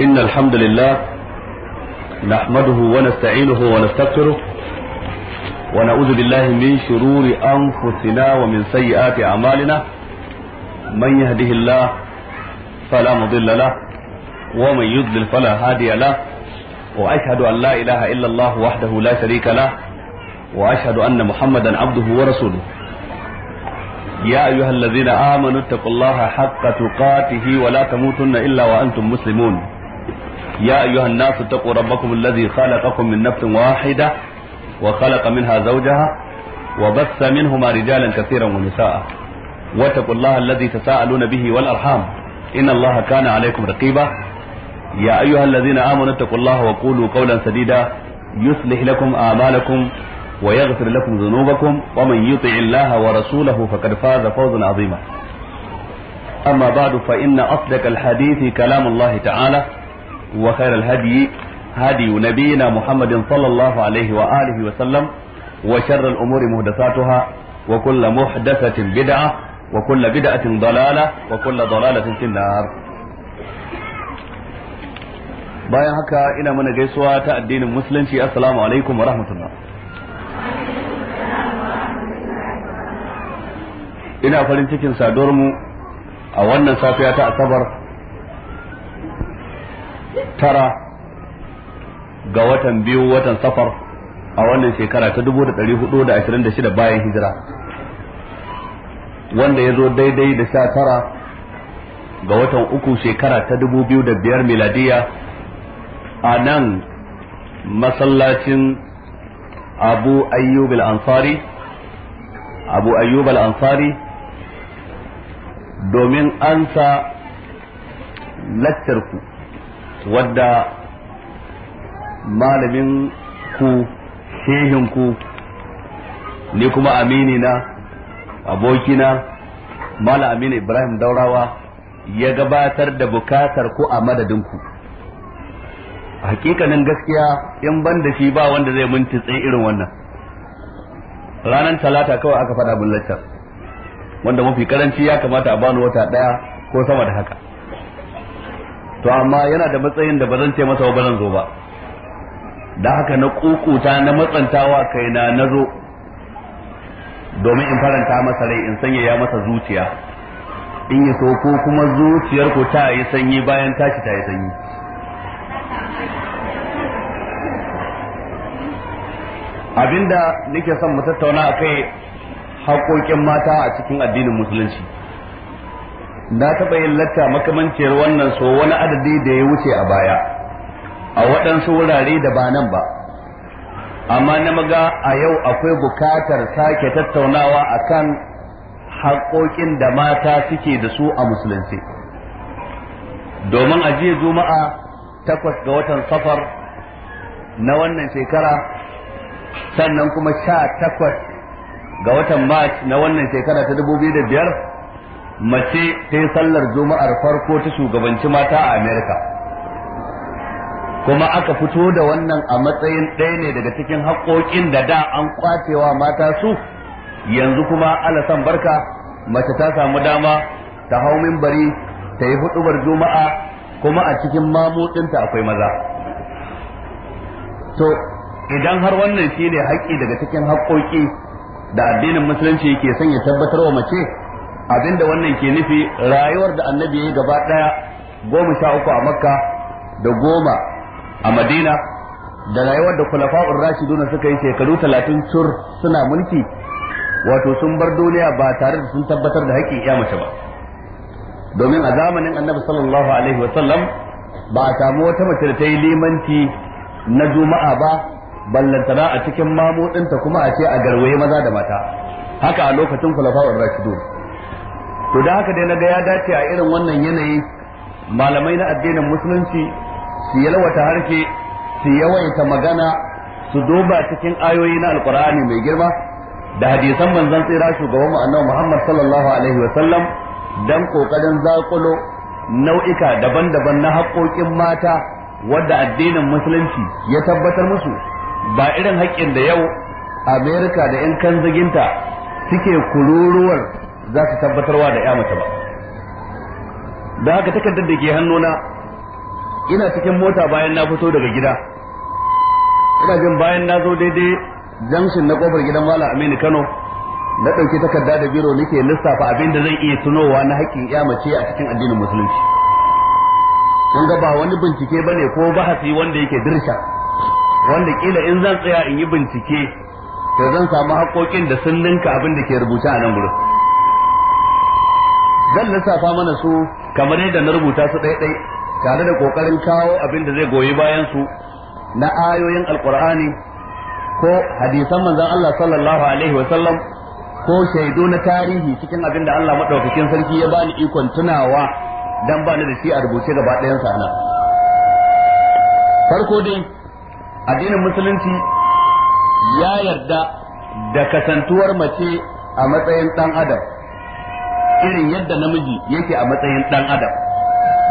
إن الحمد لله نحمده ونستعينه ونستغفره ونعوذ بالله من شرور أنفسنا ومن سيئات أعمالنا من يهده الله فلا مضل له ومن يضلل فلا هادي له وأشهد أن لا إله إلا الله وحده لا شريك له وأشهد أن محمدا عبده ورسوله يا أيها الذين آمنوا اتقوا الله حق تقاته ولا تموتن إلا وأنتم مسلمون يا أيها الناس اتقوا ربكم الذي خلقكم من نفس واحدة وخلق منها زوجها وبث منهما رجالا كثيرا ونساء واتقوا الله الذي تساءلون به والأرحام إن الله كان عليكم رقيبا يا أيها الذين آمنوا اتقوا الله وقولوا قولا سديدا يصلح لكم أعمالكم ويغفر لكم ذنوبكم ومن يطع الله ورسوله فقد فاز فوزا عظيما أما بعد فإن أصدق الحديث كلام الله تعالى وخير الهدي هدي نبينا محمد صلى الله عليه وآله وسلم وشر الأمور محدثاتها وكل محدثة بدعة وكل بدعة ضلالة وكل ضلالة في النار bayan haka ina mana gaisuwa ta addinin musulunci assalamu alaikum wa rahmatullah ina farin cikin saduwar mu a wannan safiya ta asabar tara ga watan biyu watan safar a wannan shekara ta 1426 bayan hijira wanda ya zo daidai da sha tara ga watan uku shekara ta 2005 miladiya a nan masallacin abu ayyub al-ansari abu ayyub al-ansari domin ansa ku wadda malamin ku shehin ku ni kuma amini na abokina mala amini ibrahim daurawa ya gabatar da bukatar ku a madadin ku hakikanin gaskiya in ban da shi ba wanda zai minti tsaye irin wannan ranar talata kawai aka faɗa bullatar wanda mafi karanci ya kamata a bani wata ɗaya ko sama da haka to amma yana da matsayin da bazan ce masa ba zan zo ba da haka na kukuta na matsantawa kaina na zo domin in faranta masa rai in sanya ya masa zuciya in yi so ko kuma zuciyar ku ta yi sanyi bayan tashi ta yi sanyi abinda nake son mu tattauna akai haƙoƙin mata a cikin addinin musulunci na taɓa yin latta makamanciyar wannan so wani adadi da ya wuce a baya a waɗansu wurare da ba nan ba amma na maga a yau akwai bukatar sake tattaunawa a kan haƙoƙin da mata suke da su a musulunci domin a jiya juma'a takwas ga watan safar na wannan shekara sannan kuma sha takwas ga watan mars na wannan shekara ta dubu biyu da biyar mace ta yi sallar juma'ar farko ta shugabanci mata a amerika kuma aka fito da wannan a matsayin ɗaya ne daga cikin haƙoƙin da da an kwacewa mata su yanzu kuma alasan barka mace ta samu dama ta hau mimbari ta yi huɗubar juma'a kuma a cikin mamutsinta akwai maza to idan har wannan shi ne haƙƙi daga cikin haƙoƙi da addinin musulunci yake son ya tabbatar wa mace abinda wannan ke nufi rayuwar da annabi ya yi gaba ɗaya goma sha uku a makka da goma a madina da rayuwar da kulafa'ur rashiduna suka yi shekaru talatin tur suna mulki wato sun bar duniya ba tare da sun tabbatar da haƙƙin ya mace ba domin a zamanin annabi sallallahu alaihi wasallam ba a samu wata mace da ta yi limanci na juma'a ba ballantana a cikin mamudinta kuma a ce a garwaye maza da mata haka a lokacin kulafa'ur rashidun to da haka dai na ga ya dace a irin wannan yanayi malamai na addinin musulunci su yalwata harshe su yawaita magana su duba cikin ayoyi na alkur'ani mai girma da hadisan manzon tsira shugaban annabi Muhammad sallallahu alaihi wa sallam dan kokarin zakulo nau'ika daban-daban na haƙoƙin mata wadda addinin musulunci ya tabbatar musu ba irin haƙƙin da yau america da 'yan kanzaginta suke kururuwar za su tabbatarwa da ya mata ba da haka takardar da ke hannuna ina cikin mota bayan na fito daga gida ina jin bayan na zo daidai jamshin na kofar gidan mala aminu kano na ɗauki takarda da biro nake lissafa abin da zan iya tunowa na haƙƙin ya mace a cikin addinin musulunci kun ga ba wani bincike ba ne ko bahasi wanda yake dirsha wanda kila in zan tsaya in yi bincike to zan samu haƙoƙin da sun ninka abin da ke rubuta a nan gurin zan lissafa mana su kamar yadda na rubuta su ɗaiɗai tare da ƙoƙarin kawo abin da zai goyi bayan su na ayoyin alƙur'ani ko hadisan manzon Allah sallallahu alaihi wa sallam ko shaidu na tarihi cikin abin da Allah madaukakin sarki ya bani ikon tunawa dan bani da shi a rubuce gaba ɗayan sa farko dai addinin musulunci ya yarda da kasantuwar mace a matsayin ɗan adam irin yadda namiji yake a matsayin dan adam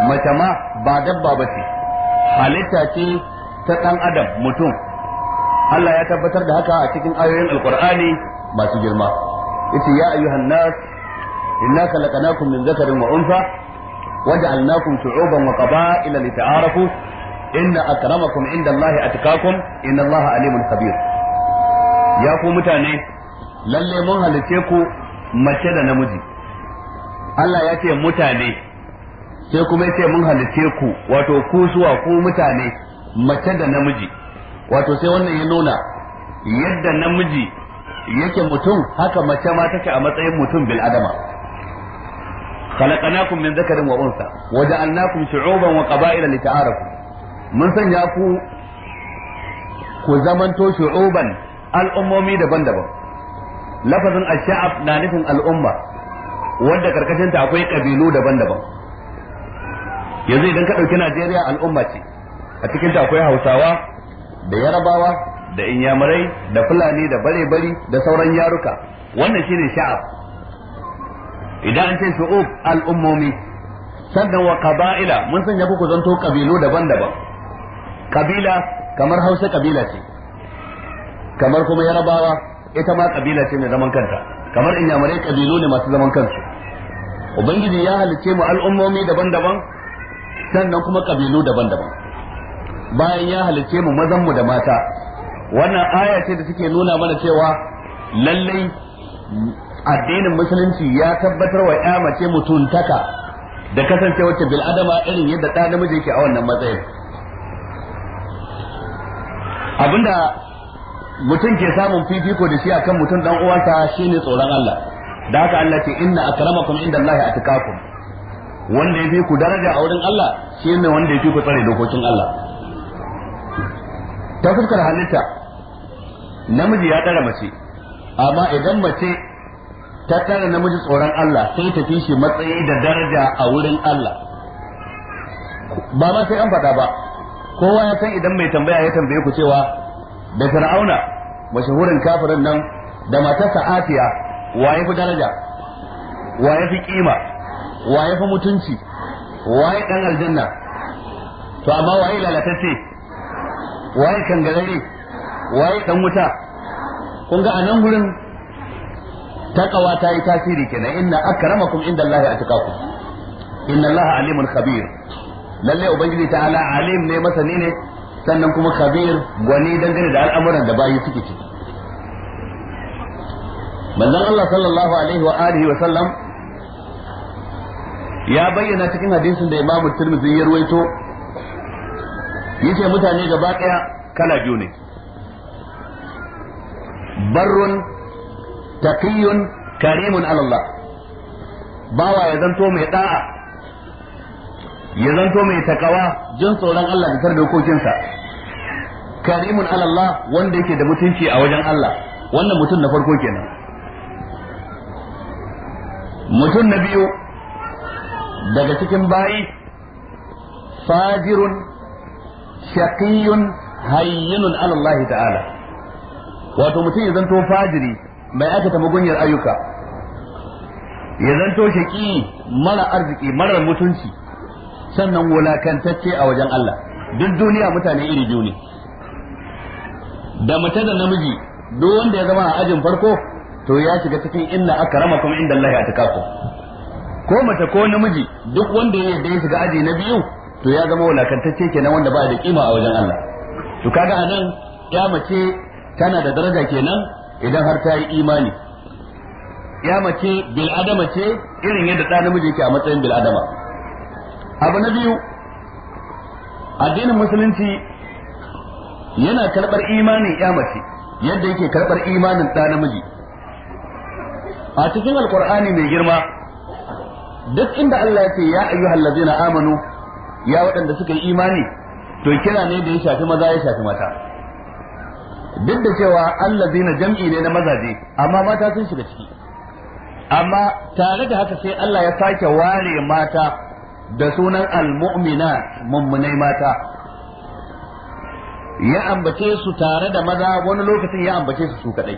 mace ma ba dabba ba ce halitta ce ta dan adam mutum Allah ya tabbatar da haka a cikin ayoyin alkur'ani masu girma yace ya ayyuhan nas inna khalaqnakum min dhakarin wa untha waja'alnakum shu'uban wa qaba'ila lita'arafu inna akramakum inda Allah atqakum inna Allah alimun khabir ya ku mutane lalle mun halice ku mace da namiji Allah ya ce mutane sai kuma ya ce mun halice ku wato ku suwa ku mutane mace da namiji wato sai wannan ya nuna yadda namiji yake mutum haka mace ma take a matsayin mutum bil adama khalaqnakum min dhakarin wa unsa wa ja'alnakum shu'uban wa qaba'ila ta'arafu mun sanya ku ku zamanto shu'uban al'ummomi daban-daban lafazin ash-sha'ab na nufin al'umma wanda karkashin ta akwai kabilu daban-daban yanzu idan ka ɗauki Najeriya al'umma ce a cikin ta akwai Hausawa da Yarabawa da Inyamurai da Fulani da bare da sauran yaruka wannan shine sha'ab idan an ce shu'ub al'ummomi sannan wa qaba'ila mun sanya ku zanto kabilu daban-daban kabila kamar Hausa kabila ce kamar kuma Yarabawa ita ma kabila ce mai zaman kanta kamar inyamurai kabilu ne masu zaman kansu ubangiji ya halice mu al'ummomi daban-daban sannan kuma kabilu daban-daban bayan ya halice mu mazan mu da mata wannan aya ce da take nuna mana cewa lallai addinin musulunci ya tabbatar wa ya mace mutuntaka da kasance wacce bil adama irin yadda ɗa namiji yake a wannan matsayin abinda mutum ke samun fifiko da shi akan mutum dan uwansa shine tsoron Allah da haka Allah ce inna akramakum indallahi atqakum wanda yafi ku daraja a wurin Allah shi ne wanda yafi ku tsare dokokin Allah ta fuskar halitta namiji ya tsara mace amma idan mace ta tsara namiji tsoron Allah sai ta fi matsayi da daraja a wurin Allah ba ma sai an faɗa ba kowa ya san idan mai tambaya ya tambaye ku cewa da fir'auna mashahurin kafirin nan da matarsa Asiya. ya fi daraja ya fi kima ya fi mutunci ya ɗan aljanna to amma waye lalatacce waye kangarare ya ɗan wuta kun ga anan gurin takawa ta yi tasiri kenan inna akramakum inda Allah atqakum inna Allah alimun khabir lalle ubangiji ta'ala alim ne masani ne sannan kuma khabir gwani dangane da al'amuran da bayi suke ciki manzon Allah sallallahu alaihi wa alihi wa sallam ya bayyana cikin hadisin da Imam Tirmidhi ya ruwaito yace mutane gaba daya kala biyu ne barrun taqiyun karimun ala Allah bawa ya zanto mai da'a ya zanto mai takawa jin tsoron Allah da tar dokokinsa karimun ala Allah wanda yake da mutunci a wajen Allah wannan mutum na farko kenan mutum na biyu daga cikin bayi fajirun shaqiyun hayyinun Allah ta'ala wato mutum ya zanto fajiri mai aikata mugunyar ayyuka ya zanto shaqi mara arziki mara mutunci sannan wulakantacce a wajen Allah duk duniya mutane iri biyu ne da mace da namiji duk wanda ya zama a ajin farko to ya shiga cikin inna akramakum inda Allah ya takaku ko mace ko namiji duk wanda ya yarda ya shiga aji na biyu to ya zama walakantacce kenan wanda ba da kima a wajen Allah to kaga anan ya mace tana da daraja kenan idan har ta yi imani ya mace bil adama ce irin yadda ɗa namiji yake a matsayin bil adama abu na biyu addinin musulunci yana karɓar imanin ya mace yadda yake karɓar imanin ɗa namiji a cikin alkur'ani mai girma duk inda Allah ya ce ya ayyuhal allazina amanu ya waɗanda suka yi imani to kira ne da ya shafi maza ya shafi mata duk da cewa allazina jam'i ne na mazaje amma mata sun shiga ciki amma tare da haka sai Allah ya sake ware mata da sunan almu'mina mummunai mata ya ambace su tare da maza wani lokacin ya ambace su su kadai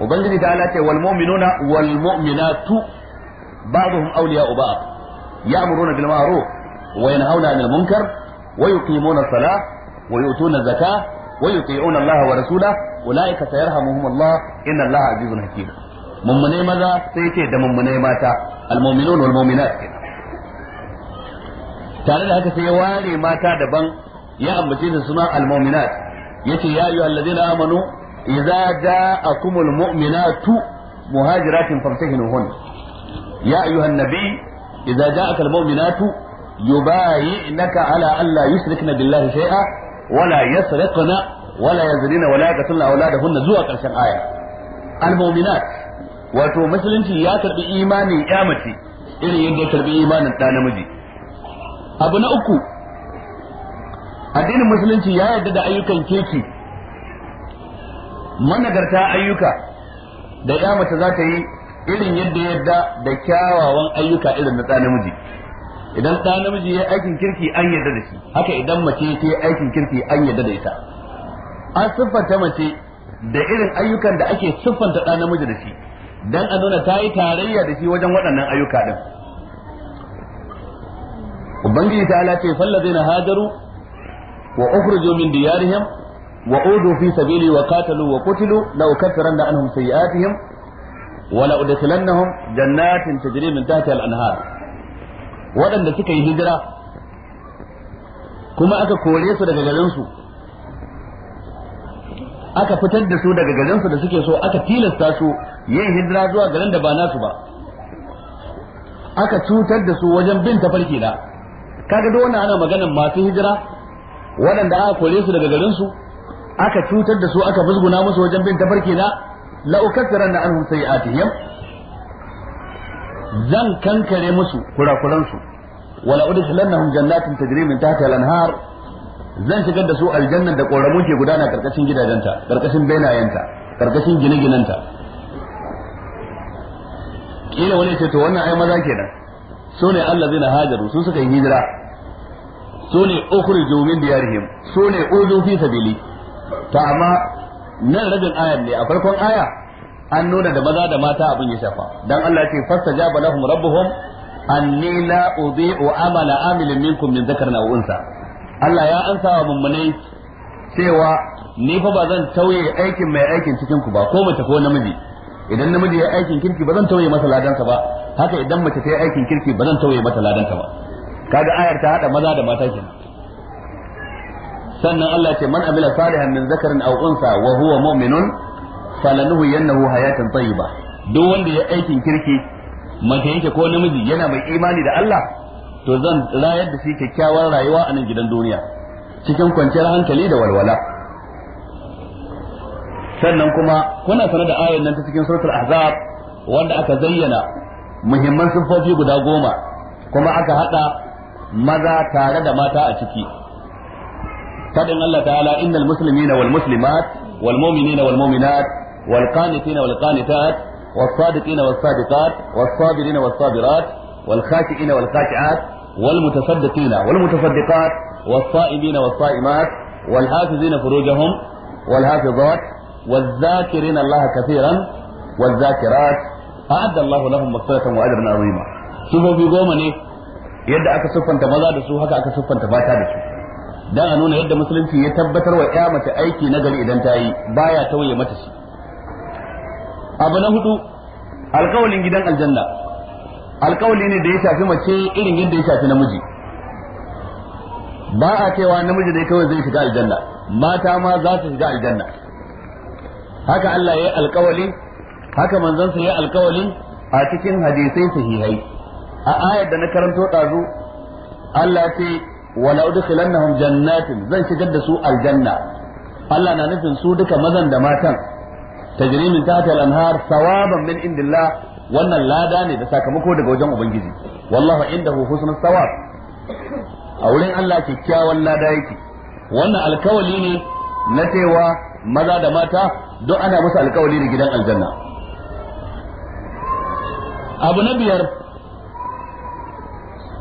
ubangiji ta ce wal mu'minuna wal mu'minatu ba'dhum awliya'u ba'd ya'muruna bil ma'ruf wa yanhauna 'anil munkar wa yuqimuna as-salah wa yu'tuna zakah wa yuti'una Allah wa rasulahu ulaika sayarhamuhum Allah inna Allah 'azizun hakim mummune maza sai ce da mummune mata almu'minun wal mu'minat tare da haka sai ya ware mata daban ya ambace su suna almu'minat yace ya ayyuhallazina amanu idza ja'akumul mu'minatu muhajiratin famtahinuhun ya ayyuhan nabi idza ja'akal mu'minatu yubayyinaka ala alla yushrikna billahi shay'a wala yasriqna wala yazrina wala yaqtulna awladahunna zuwa karshen aya al mu'minat wato musulunci ya karbi imanin ya mace irin yadda ya karbi imanin ɗa namiji abu na uku addinin musulunci ya yarda da ayyukan keke managarta ayyuka da ya mace za ta yi irin yadda yadda da kyawawan ayyuka irin na tsanin namiji idan ɗa namiji ya aikin kirki an yarda da shi haka idan mace ta yi aikin kirki an yarda da ita an siffanta mace da irin ayyukan da ake siffanta ɗa namiji da shi dan a nuna ta yi tarayya da shi wajen waɗannan ayyuka ɗin ubangiji ta ala ce zai na hajaru wa ukhrijo min diyarihim wa udu fi sabili wa qatalu wa qutilu la ukaffiranna anhum sayi'atihim wa la udkhilannahum jannatin tajri min tahtiha al-anhar waɗanda suka yi hijira kuma aka kore su daga garin aka fitar da su daga da suke so aka tilasta su yin hijira zuwa garin da ba nasu ba aka cutar da su wajen bin tafarki na kaga duk wannan ana magana masu hijira waɗanda aka kore su daga garin su aka cutar da su aka musguna musu wajen bin tafarki na la ukaffiranna anhum sayi'atihim zan kankare musu kurakuran su wala udkhilannahum jannatin tajri min tahtiha al-anhar zan shigar da su aljannan da koramu ke gudana karkashin gidajenta karkashin benayenta, karkashin gine-ginanta kila wani ce to wannan ai maza kenan su ne na hajaru su suka yi hijira su ne ukhriju min diyarihim su ne uzu fi sabili to amma nan rabin ayan ne a farkon aya an nuna da maza da mata abin ya shafa dan Allah ya ce fastajaba lahum rabbuhum anni la udhi'u amala amilin minkum min dhakarin aw unsa Allah ya ansa wa mummunai cewa ni fa ba zan tauye aikin mai aikin cikin ku ba ko mace ko namiji idan namiji ya aikin kirki ba zan tauye masa ladansa ba haka idan mace ta yi aikin kirki ba zan tauye mata ladansa ba kaga ayar ta hada maza da mata kenan sannan Allah ce man amila salihan min zakarin aw unsa wa huwa mu'minun yannahu hayatan tayyiba duk wanda ya aikin kirki mace yake ko namiji yana mai imani da Allah to zan rayar da shi kyakkyawar rayuwa a nan gidan duniya cikin kwanciyar hankali da walwala sannan kuma kuna sanar da ayan nan ta cikin suratul ahzab wanda aka zayyana muhimman siffofi guda goma kuma aka hada maza tare da mata a ciki fadin Allah ta'ala inna muslimina wal muslimat wal mu'minina wal mu'minat wal qanitina wal qanitat was sadiqina was sadiqat was sabirina was sabirat والذاكرين الله كثيرا والذاكرات أعد الله لهم مغفرة وأجرا عظيما شوفوا في goma ne. yadda aka siffanta maza da su haka aka siffanta mata da su dan a nuna yadda musulunci ya tabbatar wa ya mace aiki na gari idan ta yi baya tauye mata shi abu na hudu alkawalin gidan aljanna alkawali ne da ya shafi mace irin yadda ya shafi namiji ba a cewa namiji ne kawai zai shiga aljanna mata ma za su shiga aljanna haka Allah ya yi alkawali haka sa ya yi alkawali a cikin hadisai sahihai a ayar da na karanto ɗazu Allah ce wala udkhilannahum jannatin zan shigar da su aljanna Allah na nufin su duka mazan da matan tajri min tahtiha al-anhar thawaban min indillah wannan lada ne da sakamako daga wajen ubangiji wallahu indahu husnul sawa. a wurin Allah kyakkyawan lada yake wannan alkawali ne na cewa maza da mata duk ana musu alkawali da gidan aljanna abu na biyar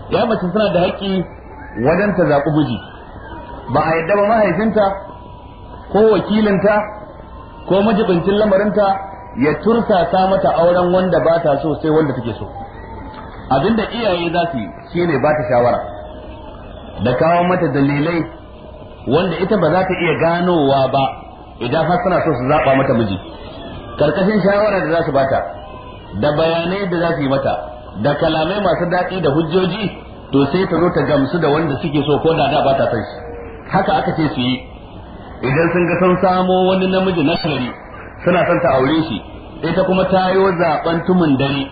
ya mace suna da haƙƙi wajen ta zaɓi miji ba a yadda ba mahaifinta ko wakilinta ko majibincin lamarinta ya tursasa mata auren wanda ba ta so sai wanda take so abinda iyaye za su yi ne ba ta shawara da kawo mata dalilai wanda ita ba za ta iya ganowa ba idan har suna so su zaɓa mata miji karkashin shawara da za su bata da bayanai da za su yi mata da kalamai masu daɗi da hujjoji to sai ta zo ta gamsu da wanda suke so ko da da ba ta san shi haka aka ce su yi idan sun ga sun samo wani namiji na shari suna son ta aure shi ita kuma ta yi zaben tumin dare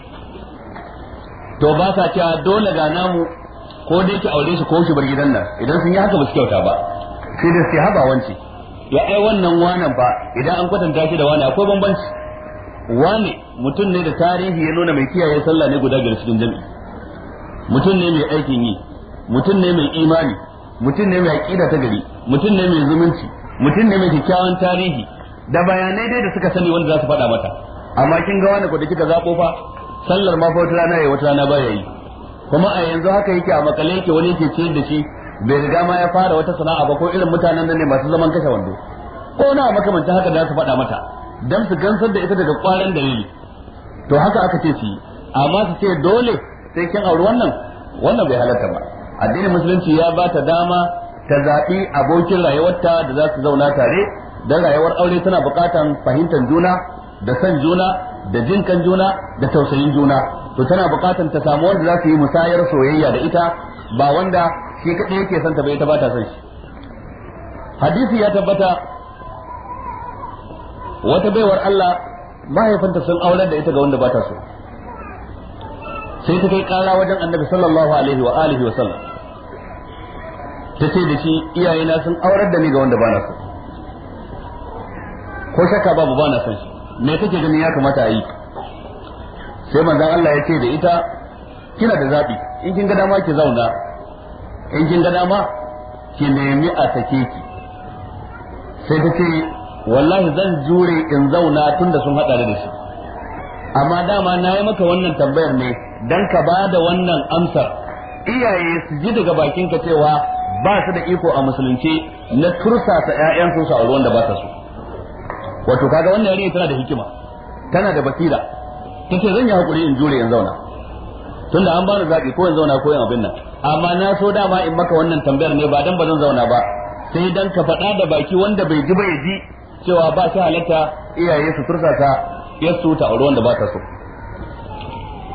to ba sa cewa dole ga namu ko dai ki aure shi ko shi bar gidan nan idan sun yi haka ba su kyauta ba sai da sai haba wance ya ai wannan wanan ba idan an kwatanta shi da wani akwai bambanci wani mutum ne da tarihi ya nuna mai kiyaye sallah ne guda biyar cikin jami'i mutum ne mai aikin yi mutum ne mai imani mutum ne mai aqida ta gari mutum ne mai zumunci mutum ne mai kyakkyawan tarihi da bayanai dai da suka sani wanda za su faɗa mata amma kin ga wani da kika zaɓo fa sallar ma fa wata rana yayi wata rana ba yayi kuma a yanzu haka yake a makale yake wani yake ciyar da shi bai riga ma ya fara wata sana'a ba ko irin mutanen nan ne masu zaman kashe wando ko na makamanta haka da su faɗa mata dan su gansar da ita daga kwaran dalili to haka aka ce su amma su ce dole sai kin auri wannan wannan bai halatta ba addinin musulunci ya ba ta dama ta zaɓi abokin rayuwarta da za su zauna tare don rayuwar aure tana buƙatan fahimtar juna da san juna da jin kan juna da tausayin juna to tana buƙatan ta samu wanda za su yi musayar soyayya da ita ba wanda shi kaɗai yake son ta bai ta ba ta son shi hadisi ya tabbata wata baiwar Allah mahaifinta sun aurar da ita ga wanda ba ta so sai ta kai kara wajen annabi sallallahu alaihi wa alihi wa sallam ta ce da shi iyayena sun aurar da ni ga wanda bana so ko shakka babu bana son shi me kake ganin ya kamata a yi sai manzon Allah ya ce da ita kina da zabi in kin ga dama ki zauna in kin ga dama ki nemi a sake ki sai ta ce wallahi zan jure in zauna tunda sun hada da shi amma dama na yi maka wannan tambayar ne dan ka ba da wannan amsar iyaye su ji daga bakinka cewa ba su da iko a musulunci na tursasa ƴaƴan su a ruwan da ba ta so wato kaga wannan yarinya tana da hikima tana da basira tace zan yi hakuri in jure in zauna tunda an bani zaɓi ko in zauna ko in abin nan amma na so dama in maka wannan tambayar ne ba dan ba zan zauna ba sai dan ka faɗa da baki wanda bai ji ba ya ji cewa ba shi halatta iyaye su tursasa yasu ta ruwan da ba ta so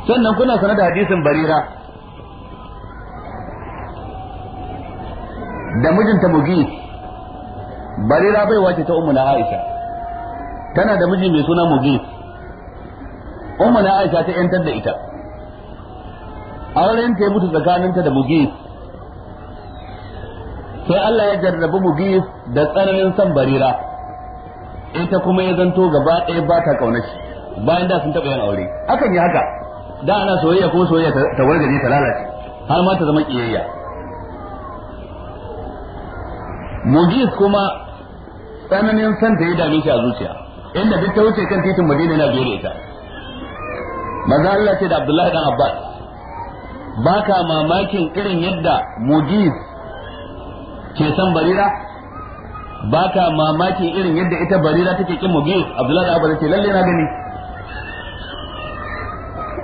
sannan kuna sanar da hadisin barira da mijinta mugi barira bai wace ta umu na aisha tana da miji mai suna mugi umu na aisha ta yantar da ita auren ta ya mutu tsakaninta da mugi sai Allah ya jarrabi mugi da tsananin san barira ita kuma ya zanto gaba ɗaya ba ta ƙaunashi, bayan da sun taɓa yin aure akan yi haka da ana soyayya ko soyayya ta wargaje ta lalace har ma ta zama kiyayya mugis kuma tsananin san ta ya dame shi a zuciya inda duk ta wuce kan titin madina yana biye da ita maza Allah ce da Abdullahi dan Abbas baka mamakin irin yadda mugis ke san barira baka mamakin irin yadda ita barira take kin mugis Abdullahi dan Abbas ce lalle na gani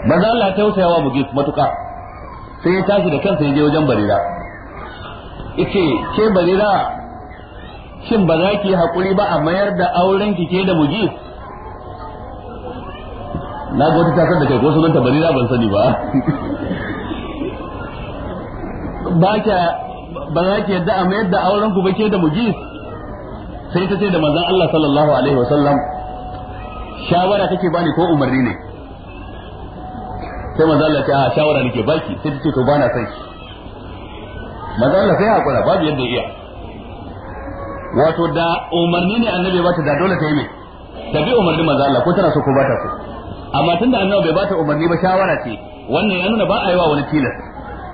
manzo Allah tausaya yawa mugis matuka sai ya tashi da kansa ya je wajen barira yace ke barira shin ba za ki hakuri ba a mayar da auren ki ke da mugis na ga wata san da kai ko sunanta barira ban sani ba ba ka ba za ki yadda a mayar da auren ku ba ke da mugis sai ta ce da manzon Allah sallallahu alaihi wasallam shawara kake bani ko umarni ne sai manzo Allah ya ce a ah, shawara nake baki sai ta ce to bana sai manzo Allah sai hakura babu yadda iya wato da umarni ne annabi bata da dole ta yi mai ta bi umarni manzo Allah ko tana so ko bata so amma tunda annabi bai bata umarni ba shawara ce wannan ya nuna ba a yi wa wani tilas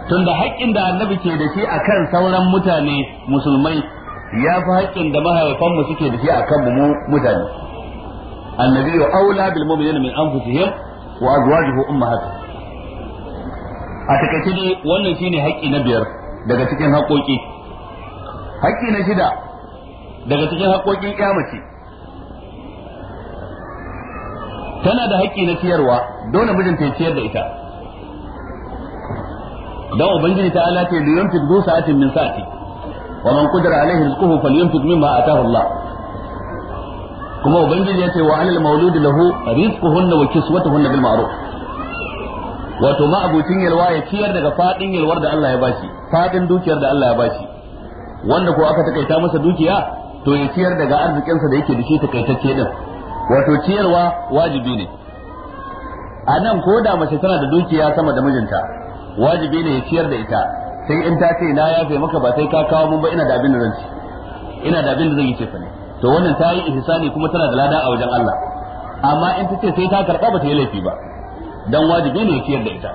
tunda haƙƙin da annabi ke da shi akan sauran mutane musulmai ya fi haƙƙin da mahaifan mu suke da shi akan mu mutane annabi ya aula bil mu'minina min anfusihim wa azwajuhu ummahatuhum a takaice dai wannan shine haƙƙi na biyar daga cikin haƙoƙi haƙƙi na shida daga cikin haƙoƙin kyamace tana da haƙƙi na ciyarwa dole mijinta ya ciyar da ita dan ubangiji ta ala ce li yunfiq zu sa'atin min sa'ati wa man qadara alaihi rizquhu falyunfiq mimma ataahu Allah kuma ubangiji ya ce wa alal mawludi lahu rizquhunna wa kiswatuhunna bil ma'ruf wato ma yalwa ya ciyar daga fadin yalwar da Allah ya bashi fadin dukiyar da Allah ya bashi wanda ko aka takaita masa dukiya to ya ciyar daga arzikinsa da yake da shi takaitacce din wato ciyarwa wajibi ne a nan ko da mace tana da dukiya sama da mijinta wajibi ne ya ciyar da ita sai in ta ce na yafe maka ba sai ka kawo mun ba ina da abin da zan ci ina da abin da zan yi ce ne to wannan ta yi ihsani kuma tana da lada a wajen Allah amma in ta ce sai ta karba ba ta yi laifi ba dan wajibi ne ciyar da ita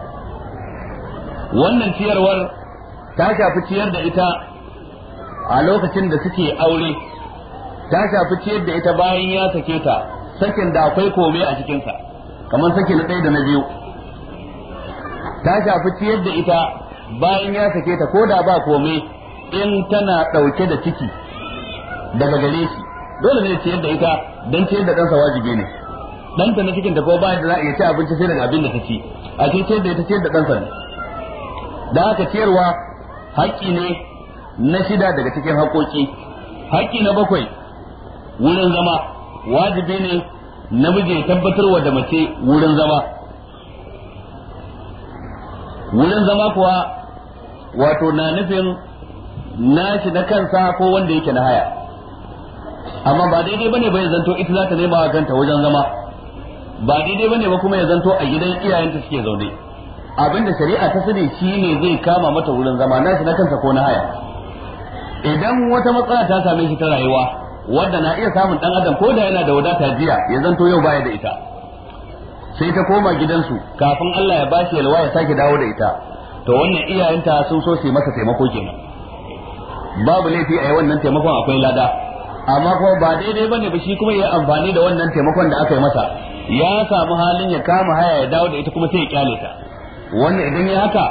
wannan ciyarwar ta shafi ciyar da ita a lokacin da suke aure ta shafi ciyar da ita bayan ya sake ta sakin da akwai kome a cikinsa kamar sake na ɗaya da na biyu ta shafi ciyar da ita bayan ya sake ta ko da ba kome in tana ɗauke da ciki daga gare shi dole ne ciyar da ita don ciyar da ɗansa wajibi ne dan ta na cikin da ko bayan da za a iya ci abinci sai daga abin da ta ci a ce ce da ita ce da ɗansa ne da haka ciyarwa haƙƙi ne na shida daga cikin haƙoƙi haƙƙi na bakwai wurin zama wajibi ne namiji ya tabbatarwa da mace wurin zama wurin zama kuwa wato na nufin nashi na kansa ko wanda yake na haya amma ba daidai bane bai zanto ita za ta nema kanta wajen zama ba daidai bane ba kuma ya zanto a gidan iyayenta suke zaune abinda shari'a ta sani ne zai kama mata wurin zama na shi na kansa ko na haya idan wata matsala ta same shi ta rayuwa wanda na iya samun dan adam ko da yana da wadata jiya ya zanto yau baya da ita sai ta koma gidansu kafin Allah ya bashi yalwa ya sake dawo da ita to wannan iyayenta sun so su masa taimako kenan babu laifi a yi wannan taimakon akwai lada amma kuma ba daidai bane ba shi kuma ya amfani da wannan taimakon da aka yi masa ya samu halin ya kama haya ya dawo da ita kuma sai ya kyale ta wannan idan ya haka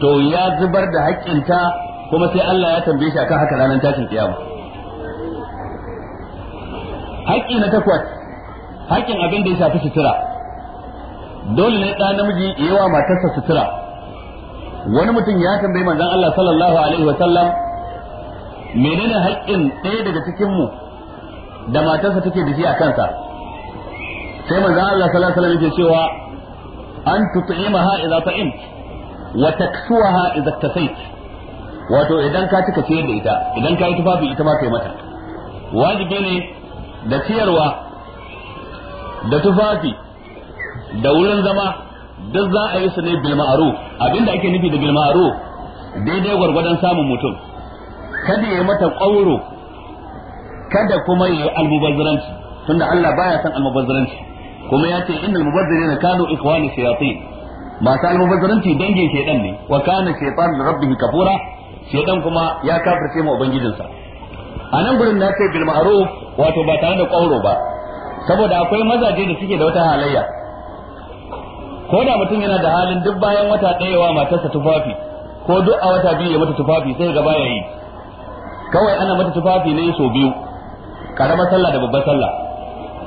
to ya zubar da haƙƙinta kuma sai Allah ya tambaye shi akan haka ranar tashin kiyama haƙƙi na takwas haƙƙin abin da ya shafi sutura dole ne ɗa namiji ya yi wa matarsa sutura wani mutum ya tambayi manzon Allah sallallahu alaihi wa sallam menene haƙƙin ɗaya daga cikin mu da matarsa take da shi a kansa sai manzo Allah sallallahu alaihi wasallam yake cewa an tut'imaha idza ta'imt wa taksuha idza tasait wato idan ka cika ciyar da ita idan ka yi tufafi ita ma kai mata wajibi ne da ciyarwa da tufafi da wurin zama duk za a yi su ne bil abinda ake nufi da bil daidai gwargwadon samun mutum kada ya mata ƙwauro kada kuma ya yi almubazzaranci tunda Allah baya son almubazzaranci kuma ya ce innal mubazzirin kanu ikwani shayatin masu almubazzaranci dangin shaydan ne wa kana shaytan li kafura shaydan kuma ya kafirce ma ubangijinsa a nan gurin na ce bil ma'ruf wato ba tare da kwauro ba saboda akwai mazaje da suke da wata halayya ko da mutum yana da halin duk bayan wata ɗaya wa matarsa tufafi ko duk a wata biyu ya mata tufafi sai gaba ya yi kawai ana mata tufafi ne sau biyu karamar sallah da babbar sallah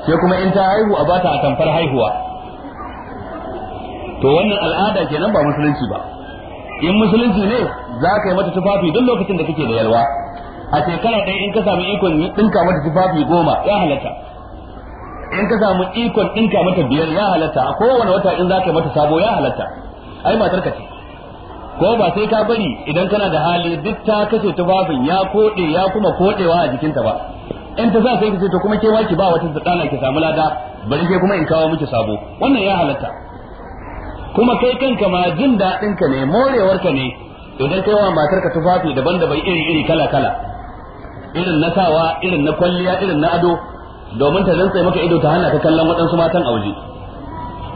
sai kuma in ta haihu a bata a tamfar haihuwa to wannan al'ada kenan ba musulunci ba in musulunci ne za ka yi mata tufafi duk lokacin da kake da yalwa a shekara ɗaya in ka samu ikon ɗinka mata tufafi goma ya halatta in ka samu ikon ɗinka mata biyar ya halatta a kowane wata in za ka yi mata sabo ya halatta ai matar ka ce ko ba sai ka bari idan kana da hali duk ta kashe tufafin ya koɗe ya kuma koɗewa a jikinta ba in ta sa sai ka ce to kuma ke ma ki ba wata ta ki samu lada bari ke kuma in kawo miki sabo wannan ya halatta kuma kai kanka ma jin daɗin ka ne morewar ka ne idan kai wa matar ka tufafi daban-daban iri-iri kala-kala irin na sawa irin na kwalliya irin na ado domin ta rantsa maka ido ta hana ta kallon waɗansu matan a waje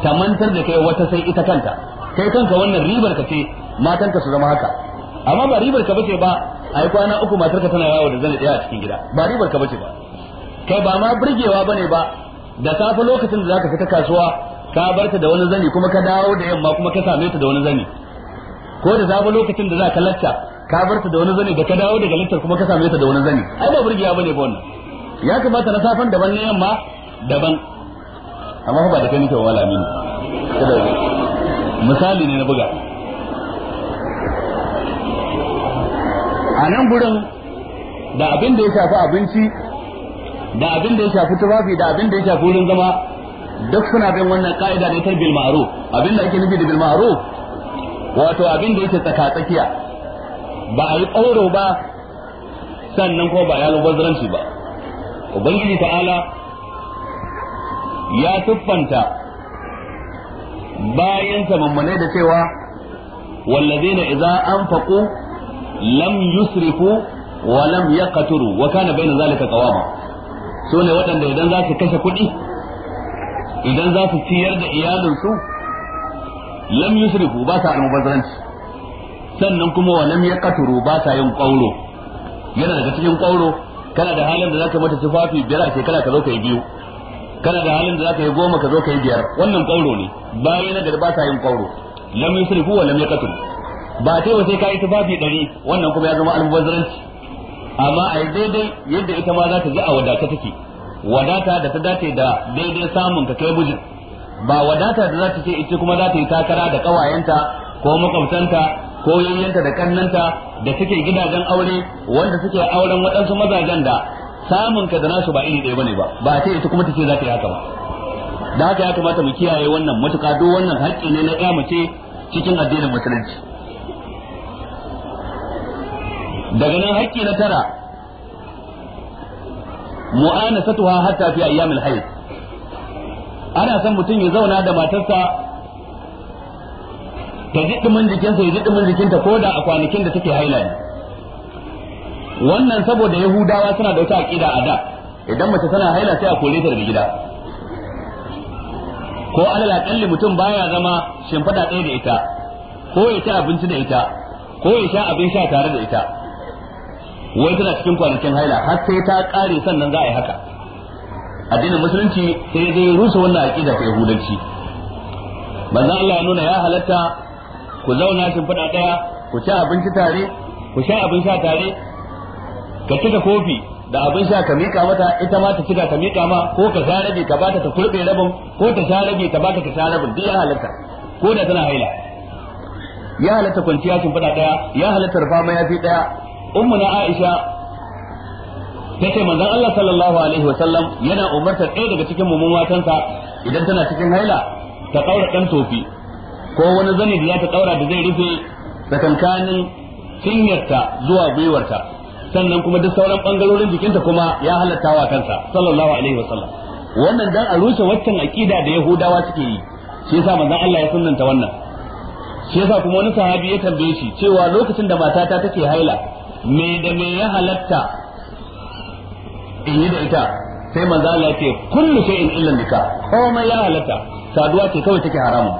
ta mantar da kai wata sai ita kanta kai kanka wannan ribar ka ce matanka su zama haka amma ba ribar ka bace ba ai kwana uku ka tana yawo da zani daya a cikin gida ba ribar ka bace ba kai ba ma burgewa bane ba da safe lokacin da zaka fita kasuwa ka barta da wani zani kuma ka dawo da yamma kuma ka same ta da wani zani ko da safe lokacin da zaka latta ka barta da wani zani da ka dawo daga lattar kuma ka same ta da wani zani ai ba burgewa bane ba wannan ya kamata na safan daban na yamma daban amma ba da kai nake wala ne. misali ne na buga a nan gurin da abin da ya shafi abinci da abin da ya shafi tufafi da abin da ya shafi wurin zama duk suna bin wannan ka'ida ne ta bil ma'ruf abin da ake nufi da bil wato abin da yake tsaka tsakiya ba a yi tsoro ba sannan kuma ba ya lubazranci ba ubangiji ta'ala ya tuffanta bayan samammanai da cewa wallazina idza anfaqu lam yusrifu wa lam yaqturu wa kana baina zalika qawama so ne waɗanda idan za su kashe kuɗi idan za su ciyar da iyalinsu lam yusrifu ba sa almubazzaranci sannan kuma wa lam yaqturu ba sa yin qawlo yana daga cikin qawlo kana da halin da zaka mata tufafi biyar a shekara ka zo ka yi biyu kana da halin da zaka yi goma ka zo ka yi biyar wannan qawlo ne bayana da ba sa yin qawlo lam yusrifu wa lam yaqturu ba ce ba sai ka yi tufafi ɗari wannan kuma ya zama almubazzaranci amma a daidai yadda ita ma za ta ji a wadata take wadata da ta dace da daidai samun ka kai bujin ba wadata da za ta ce ita kuma za ta yi takara da kawayenta ko makwabtanta ko yayyanta da kannanta da suke gidajen aure wanda suke auren waɗansu mazajen da samun ka da nasu ba iri ɗaya bane ba ba ce ita kuma ta ce za ta yi haka ba da haka ya kamata mu kiyaye wannan matuƙa duk wannan haƙƙi ne na ƴa mace cikin addinin musulunci daga nan haƙƙi na tara mu'ana mu'anasatuha hatta fi ayyamil hayd ana son mutum ya zauna da matarsa ta ji jikinsa ya ji dumin jikinta ko da a kwanakin da take haila wannan saboda yahudawa suna da wata aqida a da idan mace tana haila sai a kore ta daga gida ko alal aqalli mutum baya zama shimfiɗa ɗaya da ita ko ya ci abinci da ita ko ya sha abin sha tare da ita wai tana cikin kwanakin haila har sai ta kare sannan za a yi haka addinin musulunci sai zai rusa wannan aqida ta yahudanci manzo Allah ya nuna ya halatta ku zauna cikin fada daya ku ci abinci tare ku sha abin sha tare ka cika kofi da abin sha ka mika mata ita ma ta cika ka mika ma ko ka sha rabi ka bata ta kurbe rabin ko ta sha rabi ka bata ta sha rabin duk ya halatta ko da tana haila ya halatta kwanciya cikin fada daya ya halatta rufa yafi daya ummu na aisha tace manzon Allah sallallahu alaihi wa sallam yana umartar ɗaya daga cikin mu matansa idan tana cikin haila ta kaura dan tofi ko wani zani da ya ta kaura da zai rufe tsakankanin cinyarta zuwa gwiwarta sannan kuma duk sauran bangarorin jikinta kuma ya halatta wa kansa sallallahu alaihi wa sallam wannan dan a rushe waccan aqida da yahudawa suke yi shi yasa manzon Allah ya sunnanta wannan shi yasa kuma wani sahabi ya tambaye shi cewa lokacin da matata take haila me da me ya halatta in yi da ita sai manzo Allah kullu shay'in illa Ko komai ya halatta saduwa ce kawai take haramu.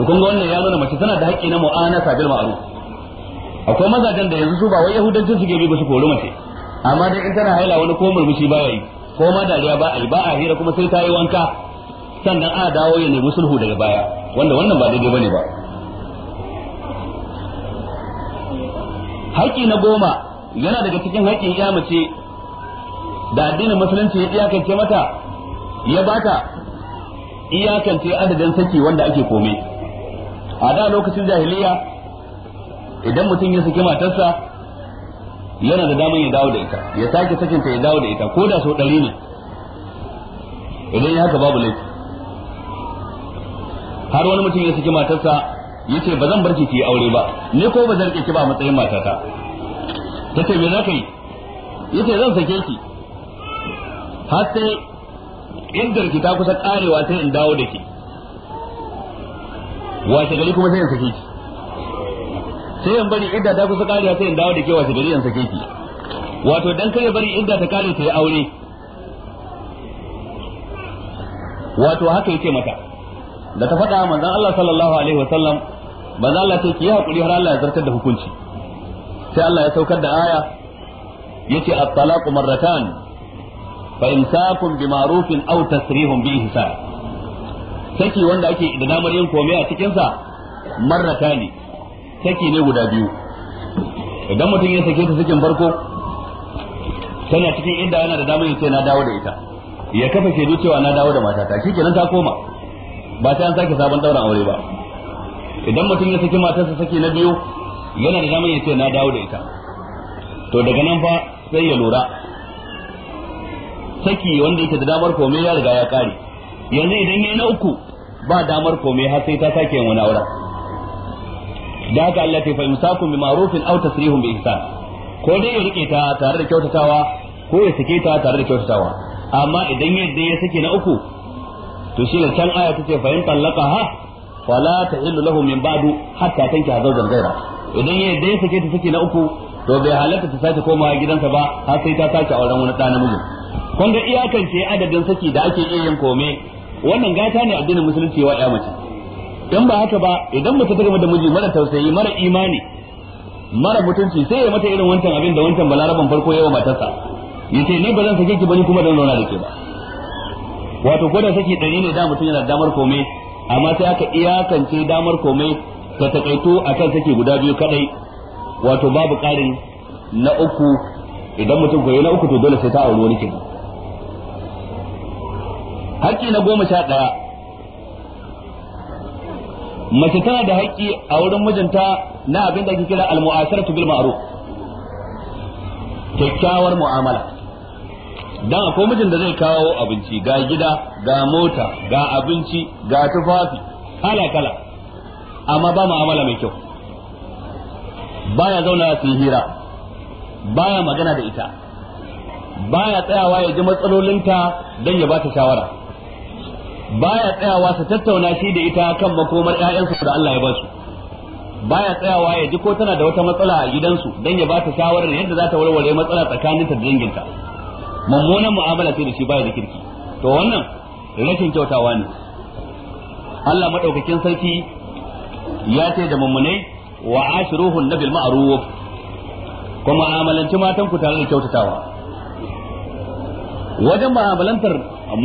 to kun ga wannan ya nuna mace tana da haƙƙi na mu'anasa bil ma'ruf akwai mazajen da yanzu su ba wai yahudancin suke bi ba su kori mace amma dai in tana haila wani ko murmushi baya yi ko ma dariya ba ba a hira kuma sai ta yi wanka sannan a dawo ya nemi sulhu daga baya wanda wannan ba daidai bane ba haƙƙi na goma yana daga cikin haƙƙin iya da addinin musulunci ya iyakance mata ya bata iyakance adadin saki wanda ake kome a da lokacin jahiliya idan mutum ya saki matarsa yana da damar ya dawo da ita ya sake sakinta ya dawo da ita ko da sau ɗari ne idan ya haka babu laifi har wani mutum ya saki matarsa yace ba zan bar ki ki aure ba ni ko ba zan ki ba matsayin matata tace me za ka yi yace zan sake ki har sai iddar ki ta kusa karewa sai in dawo da ki wace gari kuma sai in sake ki sai in bari idda ta kusa karewa sai in dawo da ke wace gari in sake ki wato dan kai bari idda ta kare ta yi aure wato haka yake mata da ta faɗa manzon Allah sallallahu alaihi wasallam za Allah ce ki hakuri har Allah ya zartar da hukunci sai Allah ya saukar da aya yace at-talaqu marratan fa imsakun bi ma'rufin aw tasrihun bi ihsan saki wanda ake da damar yin kome a cikin sa marratani saki ne guda biyu idan mutum ya sake ta cikin farko tana cikin inda yana da damar yace na dawo da ita ya kafa shaidu cewa na dawo da matata nan ta koma ba sai an sake sabon dauran aure ba idan mutum ya saki matarsa saki na biyu yana da damar ya ce na dawo da ita to daga nan fa sai ya lura saki wanda yake da damar komai ya riga ya kare yanzu idan yayi na uku ba damar komai har sai ta sake yin wani aure da haka Allah ta fa imsakum bi ma'rufin aw tasrihum bi ihsan ko dai ya rike ta tare da kyautatawa ko ya sake ta tare da kyautatawa amma idan yadda ya sake na uku to shi ne can aya tace fa in ha? fala illu lahu min ba'du hatta tanki hazawjan ghaira idan yayin da ya sake ta saki na uku to bai halatta ta sake komawa gidansa ba har sai ta sake auren wani ɗan namiji kun ga ce adadin saki da ake iya yin kome wannan gata ne addinin musulunci wa ya mace dan ba haka ba idan mace ta gama da miji mara tausayi mara imani mara mutunci sai ya mata irin wancan abin da wancan balaraban farko yawa matarsa yace ni ba zan sake ki bani kuma dan zauna da ke ba wato ko da saki ɗari ne da mutum yana damar kome amma sai aka iyakance damar komai ta takaito a kan take guda biyu kadai wato babu karin na uku idan mutum koyi na uku to dole sai ta auri wani kenan haƙƙi na goma sha ɗaya mace tana da haƙƙi a wurin mijinta na abin da ake kira al muasaratu bil ma'ruf kyakkyawar mu'amala dan akwai mijin da zai kawo abinci ga gida ga mota ga abinci ga tufafi kala kala amma ba mu'amala mai kyau baya zauna su hira baya magana da ita baya tsayawa ya ji matsalolinta don ya bata shawara baya tsayawa su tattauna shi da ita kan makomar ƴaƴansu da Allah ya ba su baya tsayawa ya ji ko tana da wata matsala a gidansu don ya bata shawarar yadda za ta warware matsala tsakaninta da danginta mummunan mu'amala sai da shi baya da kirki to wannan rashin kyautawa ne Allah madaukakin sarki ya ce da mummunai wa ashiruhun nabil ma'ruf kuma amalanci matan ku tare da kyautatawa wajen mu'amalantar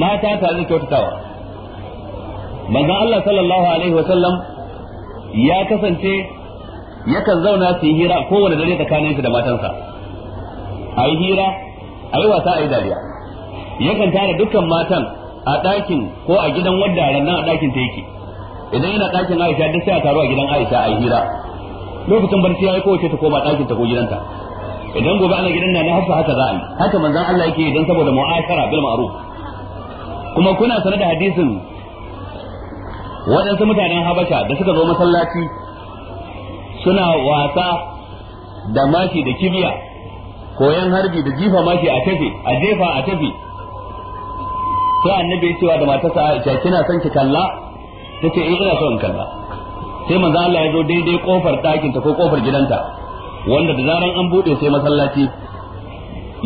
mata tare da kyautatawa manzon Allah sallallahu alaihi wa sallam ya kasance yakan zauna su yi hira kowane dare tsakanin shi da matansa a yi hira a yi wasa a yi dariya yakan tara dukkan matan a ɗakin ko a gidan wadda ran nan a ɗakin ta yake idan yana ɗakin Aisha duk sai a taro a gidan Aisha a yi hira lokacin barci yi kowace ta koma ɗakin ta ko gidanta idan gobe ana gidan na hasa haka za a yi haka manzan Allah yake idan saboda mu'ashara bil ma'ruf kuma kuna sanar da hadisin waɗansu mutanen Habasha da suka zo masallaci suna wasa da mashi da kibiya koyan harbi da jifa maki a tafi a jefa a tafi sai annabi ya cewa da matarsa Aisha kina son ki kalla tace eh, in ina son kalla sai manzo Allah ya zo daidai kofar ɗakin ko kofar gidanta wanda da zaran an buɗe sai masallaci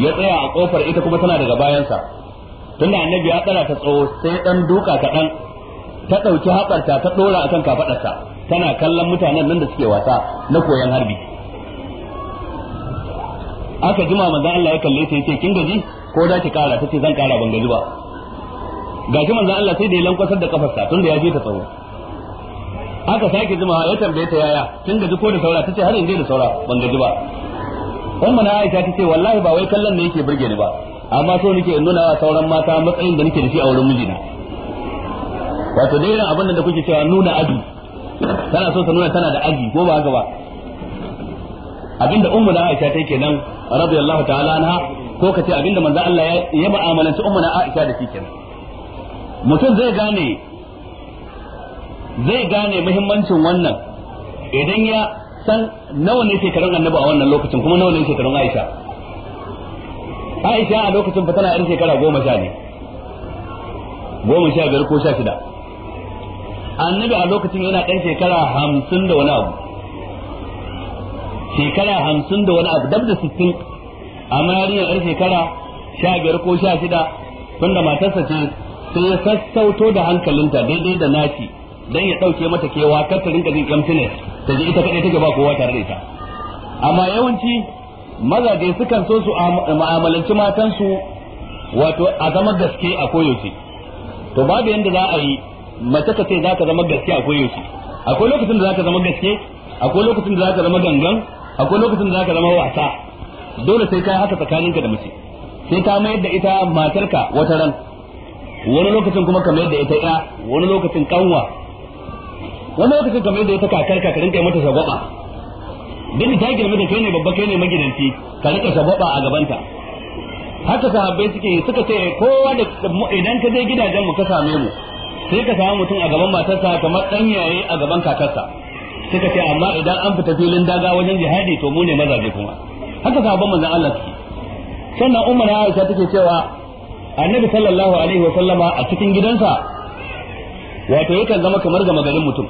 ya tsaya a kofar ita kuma tana daga bayansa tunda annabi ya tsara ta tsawo sai dan duka kaɗan ta ɗauki haɓarta ta ɗora akan kafaɗarsa tana kallon mutanen nan da suke wasa na koyan harbi aka jima manzo Allah ya kalle ta yace kin gaji ko za ki kara tace zan kara ban gaji ba shi manzo Allah sai da ya lankwasar da kafarsa tunda ya je ta tsawo aka sake jima ya tambaye ta yaya kin gaji ko da saura tace har in da saura ban gaji ba umma na Aisha tace wallahi ba wai kallon ne yake burge ni ba amma so nake nuna wa sauran mata matsayin da nake da shi a wurin mijina wato dai irin abin da kuke cewa nuna aji tana so ta nuna tana da aji ko ba haka ba abinda ummu da Aisha take nan radiyallahu ta'ala anha ko kace abinda manzo Allah ya mu'amalanci ummuna Aisha da shi kenan mutum zai gane zai gane muhimmancin wannan idan ya san nawa ne shekarun annabi a wannan lokacin kuma nawa ne shekarun Aisha Aisha a lokacin fa tana yar shekara goma sha ne goma sha biyar ko sha shida annabi a lokacin yana ɗan shekara hamsin da wani abu shekara hamsin da wani abu dab da sittin amma yarinyar yar shekara sha biyar ko sha shida tunda matarsa ce sai ya sassauto da hankalinta daidai da naci dan ya dauke mata kewa kar ta rinka jin kamtine ta ji ita kadai take ba kowa tare da ita amma yawanci mazaje sukan so su mu'amalanci matansu wato a zama gaske a koyaushe to babu yanda za a yi mace ka ce za ka zama gaske a koyaushe akwai lokacin da za ka zama gaske akwai lokacin da za ka zama gangan akwai lokacin da ka zama wasa dole sai kai haka tsakaninka da mace sai ka mayar da ita matarka wata ran wani lokacin kuma ka mayar da ita ya wani lokacin kanwa wani lokacin ka mayar da ita kakar ka rinka mata shagwaba duk da ta girma da kai ne babba kai ne magidanci ka rinka shagwaba a gabanta haka sahabbai suke suka ce kowa da idan ka je gidajen mu ka same mu sai ka samu mutum a gaban matarsa kamar dan a gaban kakarsa suka ce amma idan an fita filin daga wajen jihadi to mu ne mazaje kuma haka sahabban manzon Allah suke sannan umar Aisha take cewa annabi sallallahu alaihi wa sallama a cikin gidansa wato yakan zama kamar ga magarin mutum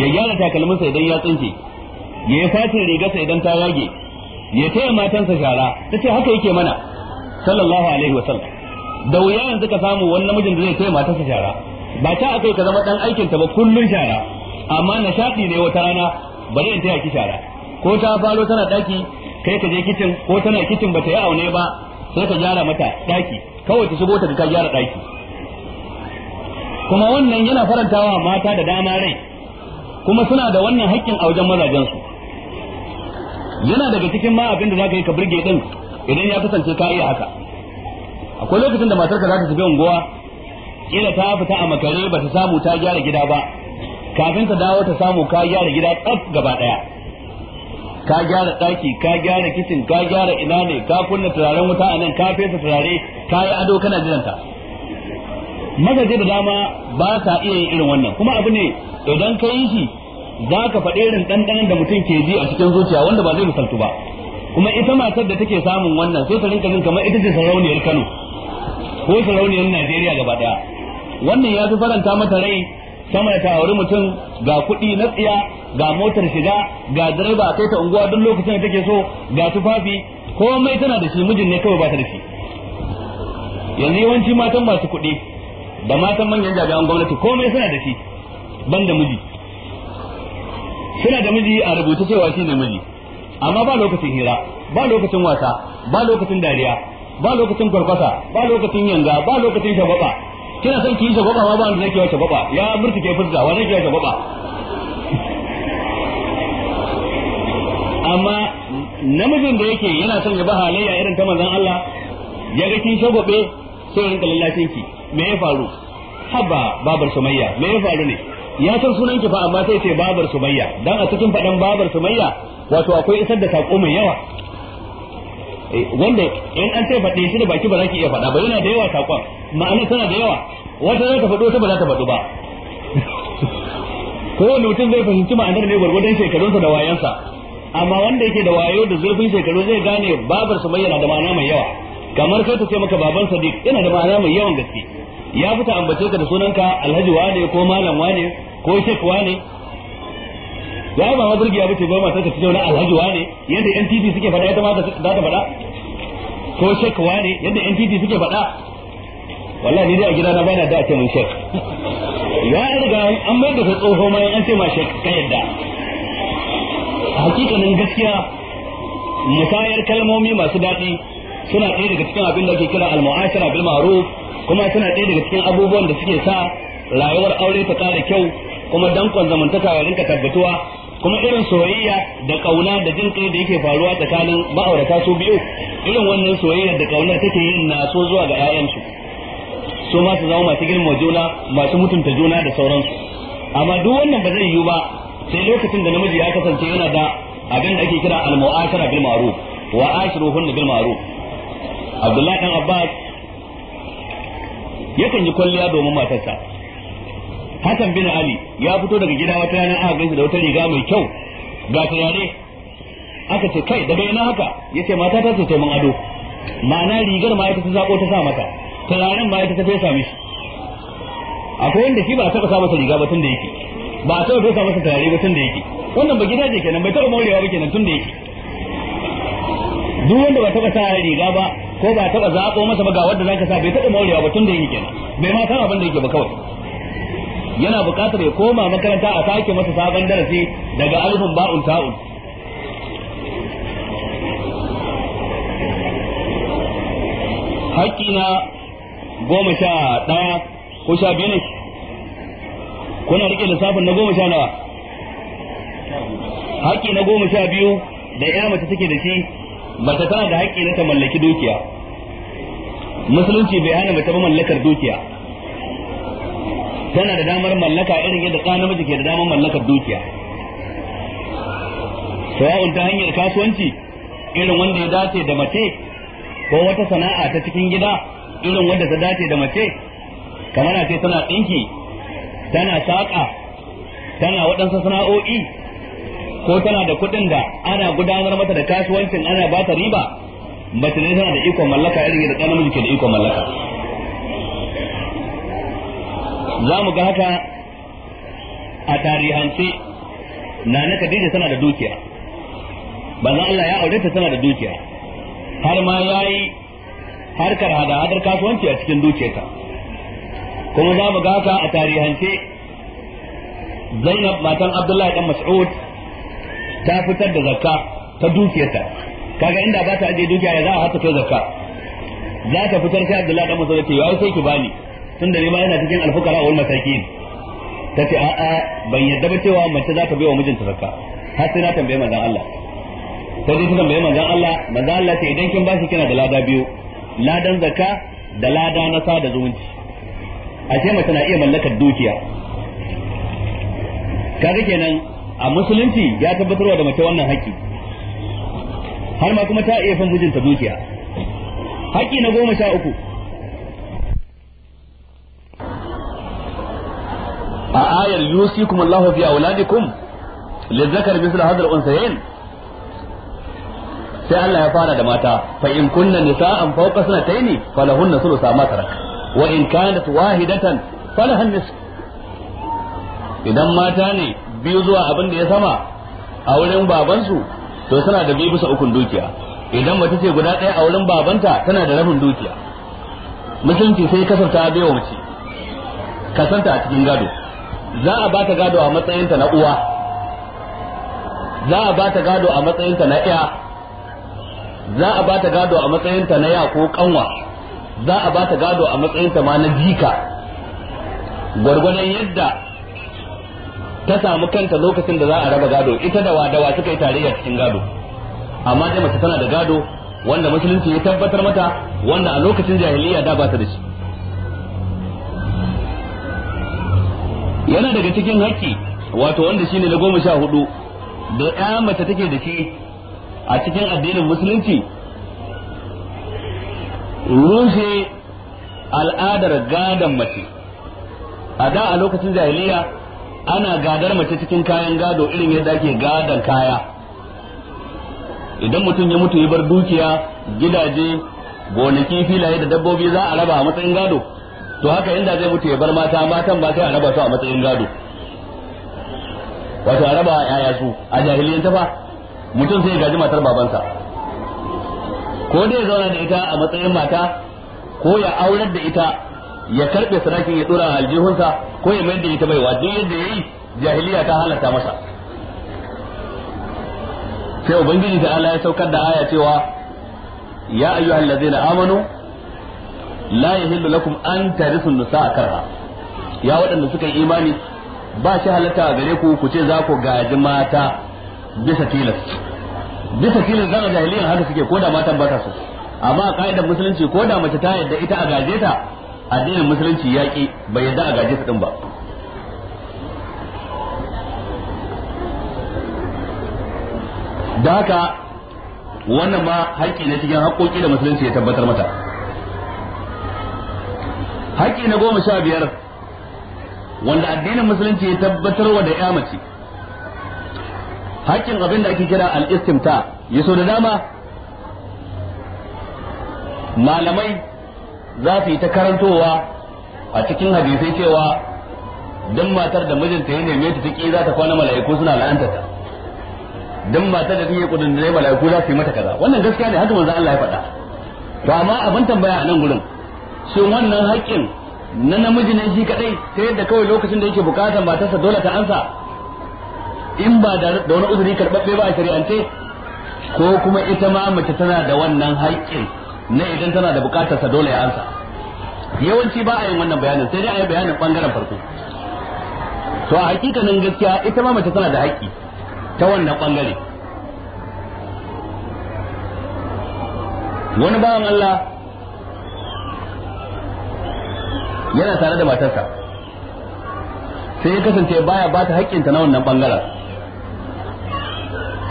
ya gyara takalminsa idan ya tsinke ya yi fatin rigarsa idan ta yage ya taya matansa shara ta ce haka yake mana sallallahu alaihi wa sallam da wuya yanzu ka samu wani namijin da zai taya matansa shara ba ta akai ka zama dan aikinta ba kullun shara amma nishadi ne wata rana bari in taya ki shara ko ta falo tana daki kai ka je kicin ko tana kicin ba ta yi aune ba sai ka gyara mata daki kawai ta shigo ta ka gyara daki kuma wannan yana farantawa mata da dama rai kuma suna da wannan haƙƙin a wajen mazajen su yana daga cikin ma abin da zaka yi ka burge din idan ya kasance ka iya haka akwai lokacin da matarka za ta shiga unguwa ila ta fita a makare ba ta samu ta gyara gida ba kafin ta dawo ta samu ka gyara gida tsaf gaba daya ka gyara ɗaki ka gyara kicin ka gyara ina ne ka kunna turaren wuta a nan ka fesa turare ka yi ado kana jiranta mazaje da dama ba sa iya yin irin wannan kuma abu ne idan ka yi shi za ka faɗi irin ɗanɗanon da mutum ke ji a cikin zuciya wanda ba zai misaltu ba kuma ita matar da take samun wannan sai ta rinka jin kamar ita ce sarauniyar Kano ko sarauniyar Najeriya gaba daya wannan ya fi faranta mata rai sama ta auri mutum ga kuɗi na tsiya ga motar shiga ga direba kai ta unguwa duk lokacin da take so ga tufafi komai tana da shi mijin ne kawai ba ta da shi yanzu yawanci matan masu kuɗi da matan manyan jami'an gwamnati komai suna da shi ban da miji suna da miji a rubuta cewa shi ne miji amma ba lokacin hira ba lokacin wasa ba lokacin dariya ba lokacin kwarkwasa ba lokacin yanga ba lokacin shagwaba kina son ki yi shagwaba ma ba wanda zai kewa shagwaba ya ke fuska wa zai kewa shagwaba amma namijin da yake yana son ya ba halayya irin ta manzon Allah ya ga kin shagwabe sai rinka lallacin ki me ya faru haba babar sumayya me ya faru ne ya san sunan ki fa amma sai ce babar sumayya dan a cikin fadan babar sumayya wato akwai isar da sako mai yawa eh, wanda in an ce faɗe shi da baki ba za ki iya faɗa ba yana da yawa sakon ma'ana tana da yawa wata za ta faɗo ta ba za ta faɗo ba kowane mutum zai fahimci ma'anar ne gwargwadon shekarunsa da wayansa amma wanda yake da wayo da zurfin shekaru zai gane babar su bayyana da ma'ana mai yawa kamar kai ta ce maka baban sadiq yana da ma'ana mai yawan gaske ya fita ambace ka da sunanka alhaji wane ko malam wane ko shek wane ya ba ma ya bace goma sai ka ce wani alhaji wane yadda NTT suke faɗa ta ma za ta faɗa ko shek wane yadda NTT suke faɗa wallahi ni dai a gidana bana da ake mun shek ya riga an mai da tsoho mai an ce ma shek ka yadda a hakikanin gaskiya musayar kalmomi masu daɗi suna ɗaya daga cikin abin da ake kira al-mu'ashara bil ma'ruf kuma suna ɗaya daga cikin abubuwan da suke sa rayuwar aure ta kare kyau kuma dankon zamantaka ya rinka tabbatuwa kuma irin soyayya da kauna da jin da yake faruwa tsakanin ma'aurata su biyu irin wannan soyayya da kauna take yin naso zuwa ga 'ya'yansu su ma su zama masu girma juna masu mutunta juna da sauransu amma duk wannan ba zai yiwu ba sai lokacin da namiji ya kasance yana da abin da ake kira al-mu'ashara bil ma'ruf wa ashiruhun bil ma'ruf Abdullahi dan Abbas yakan yi kwalliya domin matarsa Hassan bin Ali ya fito daga gida wata rana aka gaisa da wata riga mai kyau ga turare aka ce kai daga ina haka yace mata ta ce mun ado ma'ana rigar ma ita ta zabo ta sa mata turaren ba ita ta fesa mishi akwai wanda shi ba a taɓa sa masa riga ba tun da yake ba a taɓa fesa masa turare ba tun da yake wannan ba gidaje kenan bai taɓa morewa ba kenan tun da yake duk wanda ba taɓa sa riga ba ko ba taɓa zaɓo masa ba ga wanda zaka sa bai taɓa morewa ba tun da yake kenan bai ma san abin da yake ba kawai yana buƙatar ya koma makaranta a sake masa sabon darasi daga alfin ba'un ta'un haƙƙina goma sha ɗaya ko sha biyu ne kuna rike lissafin na goma sha nawa haƙƙi na goma sha biyu da ya mace take da shi mace tana da haƙƙi na ta mallaki dukiya musulunci bai hana mace ba mallakar dukiya tana da damar mallaka irin yadda ɗa namiji ke da damar mallakar dukiya sawa'un ta hanyar kasuwanci irin wanda ya dace da mace ko wata sana'a ta cikin gida irin wanda ta dace da mace kamar ce tana tsinki tana saƙa tana waɗansu sana'o'i ko tana da kuɗin da ana gudanar mata da kasuwancin ana ba ta riba mace ne tana da ikon mallaka irin da ɗan namiji ke da ikon mallaka za mu ga haka a tarihance na na Khadija tana da dukiya banzan Allah ya aure ta tana da dukiya har ma ya yi harkar hada-hadar kasuwanci a cikin dukiyarta kuma za mu gasa a tarihance zainab matan abdullahi dan mas'ud ta fitar da zakka ta dukiyarta kaga inda za ta aje dukiya ya za a hata kai zakka za ta fitar sai abdullahi dan mas'ud ce yayi sai ki bani tunda ni ma yana cikin alfukara wal masakin ta ce a'a ban yadda ba cewa mace za ta bai wa mijinta zakka har sai na tambaye manzon Allah sai dai ta tambaye manzon Allah manzon Allah ce idan kin ba shi kina da lada biyu ladan zaka da lada na sada zumunci ashe mace na iya mallakar dukiya kaga kenan a musulunci ya tabbatarwa da mace wannan haƙƙi har ma kuma ta iya fin mijinta dukiya haƙƙi na goma sha uku a ayar yusikum Allahu fi auladikum lizzakar mislu hadal sai Allah ya fara da mata fa in kunna nisa'an fawqa sanataini falahunna thulutha ma tarak wa in kanat wahidatan falahan nisf idan mata ne biyu zuwa abin da ya sama a wurin babansu to suna da biyu bisa ukun dukiya idan mace ce guda ɗaya a wurin babanta tana da rabin dukiya musulunci sai kasanta bai wa mace kasanta a cikin gado za a bata gado a matsayinta na uwa za a bata gado a matsayinta na iya za a ba ta gado a matsayinta na ya ko kanwa za a ba ta gado a matsayinta ma na jika gwargwadon yadda ta samu kanta lokacin da za a raba gado ita da wadawa suka yi tarayya cikin gado amma dai mace tana da gado wanda musulunci ya tabbatar mata wanda a lokacin jahiliya da ba ta da shi yana daga cikin haƙƙi wato wanda shine na goma sha hudu da ya mace take da shi a cikin addinin musulunci rushe al'adar gadon mace a da a lokacin jahiliya ana gadar mace cikin kayan gado irin yadda ake gadon kaya idan mutum ya mutu ya bar dukiya gidaje gonaki filaye da dabbobi za a raba a matsayin gado to haka inda zai mutu ya bar mata matan ba sai a raba su a matsayin gado wato a raba yaya su a jahiliyanta ta fa mutum sai ya gaji matar babansa ko dai ya zauna da ita a matsayin mata ko ya aurar da ita ya karbe sarakin ya dora aljihunsa ko ya mayar da ita baiwa duk yadda yayi jahiliya ta halarta masa sai ubangiji ta Allah ya saukar da aya cewa ya ayyuhal ladzina amanu la yahillu lakum an tarithu nisaa karha ya waɗanda suka yi imani ba shi halatta gare ku ku ce za ku gaji mata bisa tilas bisa tilas zan jahiliyyar haka suke ko da matan ba ta so amma a ka'idar musulunci ko da mace ta yadda ita a gaje ta addinin musulunci ya ki bai yadda a gaje ta din ba da haka wannan ma haƙƙi na cikin haƙƙoƙi da musulunci ya tabbatar mata haƙƙi na goma sha biyar wanda addinin musulunci ya tabbatar wa da ya mace hakkin abin da ake kira al-istimta yaso da dama malamai za su yi ta karantowa a cikin hadisai cewa dan matar da mijinta ya neme ta ciki za ta kwana mala'iku suna la'anta ta dan matar da take kudin da mala'iku za su yi mata kaza wannan gaskiya ne haka manzo Allah ya faɗa to amma abin tambaya a nan gurin shin wannan haƙƙin na namiji ne shi kadai sai da kawai lokacin da yake bukatar matarsa dole ta ansa in ba da wani uzuri karɓaɓɓe ba a shari'ance ko kuma ita ma mace tana da wannan haƙƙin na idan tana da buƙatar sa dole ya ansa yawanci ba a yin wannan bayanin sai dai a yi bayanin ɓangaren farko to a hakikanin gaskiya ita ma mace tana da haƙƙi ta wannan ɓangare wani bawan Allah yana tare da matarsa sai ya kasance baya ba ta haƙƙinta na wannan ɓangaren.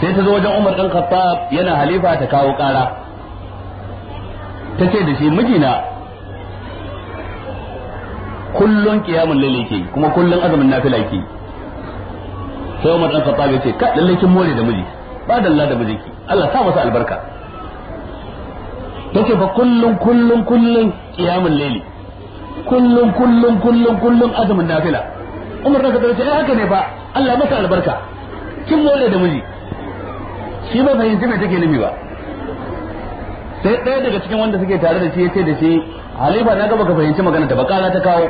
sai ta zo wajen Umar ɗan Khattab yana halifa ta kawo ƙara ta ce da shi mijina kullun ƙiyamun layl yake kuma kullun azumin nafila ke. sai Umar kafa Khattab ce ka lalle kin more da miji ba dalla da miji Allah sa masa albarka tace fa kullun kullun kullun ƙiyamun layl kullun kullun kullun kullun azumin nafila Umar dan Khattab ce eh haka ne ba Allah masa albarka kin more da miji shi ba fahimci mai take nufi ba sai ɗaya daga cikin wanda suke tare da shi ya ce da shi halifa na gaba ka fahimci magana ta bakala ta kawo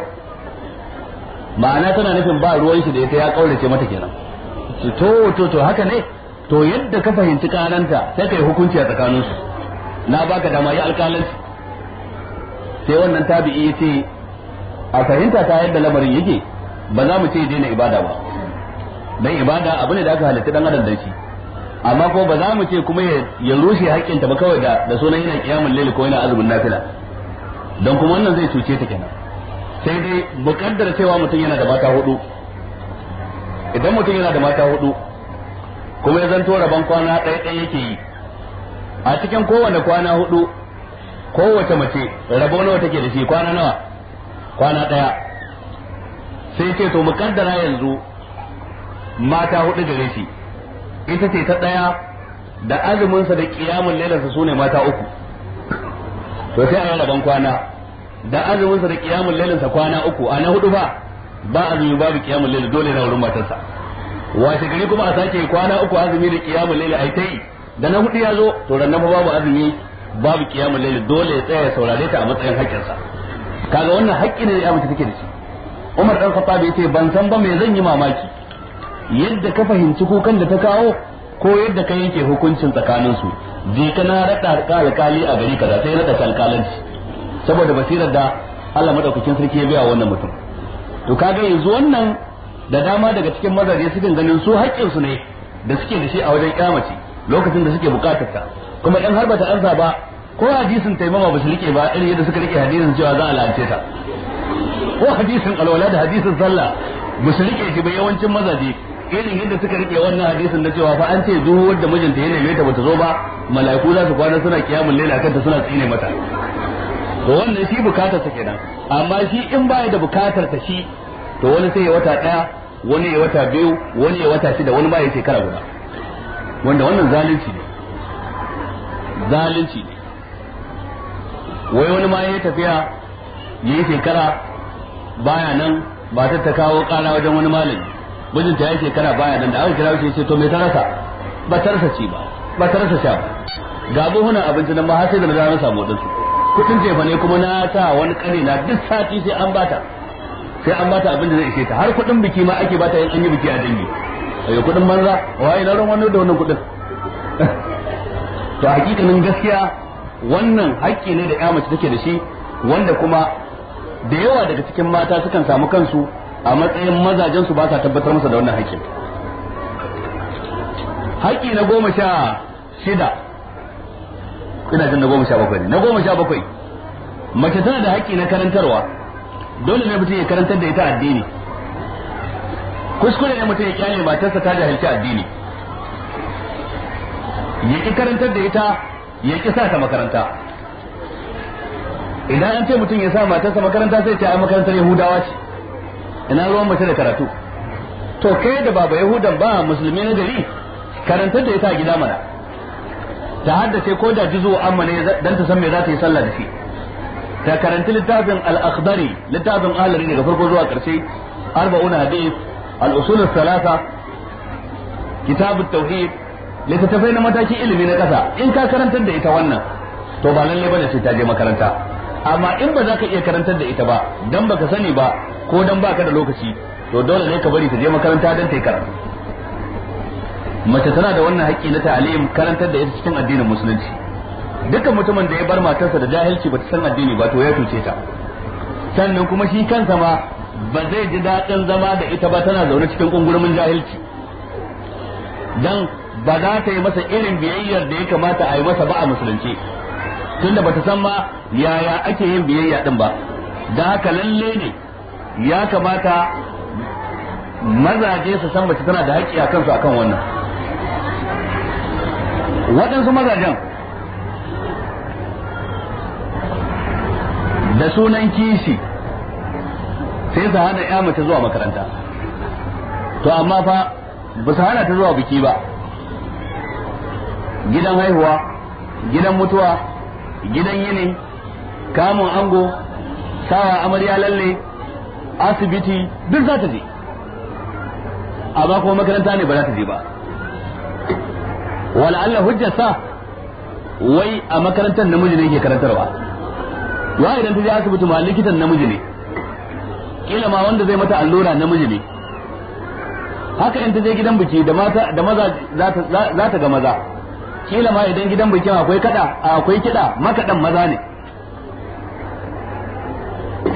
ma'ana tana nufin ba ruwan shi da ta ya kaurace mata kenan to to to haka ne to yadda ka fahimci kananta sai ka yi hukunci a tsakanin su na baka dama yi alƙalanci sai wannan tabi'i ya ce a fahimta ta yadda lamarin yake ba za mu ce daina ibada ba dan ibada abu ne da aka halitta dan adam dan shi amma ko ba za mu ce kuma ya rushe haƙƙinta ba kawai da sunan yana kiyamun laili ko yana azumin nafila don kuma wannan zai cuce ta kenan sai dai buƙaddar cewa mutum yana da mata hudu idan mutum yana da mata hudu kuma ya zanto rabon kwana ɗaya ɗaya yake yi a cikin kowane kwana hudu kowace mace rabo nawa take da shi kwana nawa kwana ɗaya sai ce to kaddara yanzu mata hudu gare shi ita ce ta ɗaya da azuminsa da ƙiyamun lailarsa su ne mata uku to sai a rabon kwana da azuminsa da ƙiyamun lailarsa kwana uku a na hudu ba ba azumi babu ƙiyamun lailar dole na wurin matarsa washe gari kuma a sake kwana uku azumi da ƙiyamun lailar a ta yi da na hudu ya zo to rannan babu azumi babu ƙiyamun lailar dole ya tsaya saurare ta a matsayin haƙƙinsa kaga wannan haƙƙi ne da ya mace take da shi Umar dan Khattab ce ban san ba me zan yi mamaki yadda ka fahimci kukan da ta kawo ko yadda ka yanke hukuncin tsakanin su je ka na alkali a gari kaza sai rada alkalanci saboda basirar da Allah madaukakin sarki ya biya wannan mutum to kaga yanzu wannan da dama daga cikin mazaje sukan ganin su haƙƙin ne da suke da shi a wajen kyamaci lokacin da suke bukatar kuma in har bata ansa ba ko hadisin taimama ba su rike ba irin yadda suka rike hadisin cewa za a lalace ta ko hadisin alwala da hadisin sallah ba su rike shi ba yawancin mazaje irin yadda suka rike wannan hadisin na cewa fa an ce zuwar da mijinta ya neme ta bata zo ba mala'iku za su kwana suna kiyamun laila kanta suna tsine mata to wannan shi bukatar ta kenan amma shi in baya da bukatar ta shi to wani sai ya wata daya wani ya wata biyu wani ya wata shida wani ba ya shekara guda wanda wannan zalunci ne zalunci ne wai wani ma ya tafiya ya yi shekara baya nan ba ta kawo kara wajen wani malami mijinta ya kana baya nan da aka kira shi sai to me ta rasa ba ta rasa ci ba ba ta rasa sha ga buhunan abinci nan ba har sai da na samu wadansu kudin jefa ne kuma na ta wani kare na duk sati sai an bata sai an bata abin da zai ishe ta har kudin biki ma ake bata yin an yi biki a dangi ayo kudin banza waye na ran wannan da wannan kudin to hakikanin gaskiya wannan haƙƙi ne da ƴa mace take da shi wanda kuma da yawa daga cikin mata sukan samu kansu a matsayin mazajen su ba sa tabbatar masa da wannan haƙƙin haƙƙi na goma sha shida ina jin na goma sha bakwai na goma sha bakwai mace tana da haƙƙi na karantarwa dole ne mutum ya karantar da ita addini kuskure ne mutum ya kyale matarsa ta da jahilci addini ya ki karantar da ita ya ki sa ta makaranta idan an ce mutum ya sa matarsa makaranta sai ta ai makarantar yahudawa ce ina ruwan mace da karatu to kai da baba yahudan ba musulmi na gari karantar da ita a gida mana ta haddace ko da jizo amma ne dan ta san me za ta yi sallah da shi ta karanti littafin al-akhdari littafin ahlari daga farko zuwa karshe arba'una hadith al-usul al-thalatha kitab at-tauhid littattafai na matakin ilimi na kasa in ka karantar da ita wannan to ba lalle bane sai ta je makaranta amma in ba za ka iya karantar da ita ba dan baka sani ba ko dan baka da lokaci to dole ne ka bari ta je makaranta dan ta yi karatu mace tana da wannan haƙƙi na ta'alim karantar da ita cikin addinin musulunci dukkan mutumin da ya bar matarsa da jahilci ba ta san addini ba to ya cuce ta sannan kuma shi kansa ma ba zai ji daɗin zama da ita ba tana zaune cikin ƙungurumin jahilci dan ba za ta yi masa irin biyayyar da ya kamata a yi masa ba a musulunci tunda bata san ma yaya ake yin biyayya din ba da haka lalle ne ya kamata mazaje su san mace tana da haƙƙi a kansu akan wannan waɗansu mazajen da sunan kishi sai su hana ya mace zuwa makaranta to amma fa ba su hana ta zuwa biki ba gidan haihuwa gidan mutuwa gidan yini kamun ango sawa amarya lalle asibiti duk za ta je A ba kuma makaranta ne ba za ta je ba wala Allah hujjarsa wai a makarantar namiji ne ke karantarwa wa idan ta je asibiti ma likitan namiji ne kila ma wanda zai mata allura namiji ne haka in ta je gidan biki da mata da maza za ta ga maza kila ma idan gidan bikin akwai kada akwai kida makadan maza ne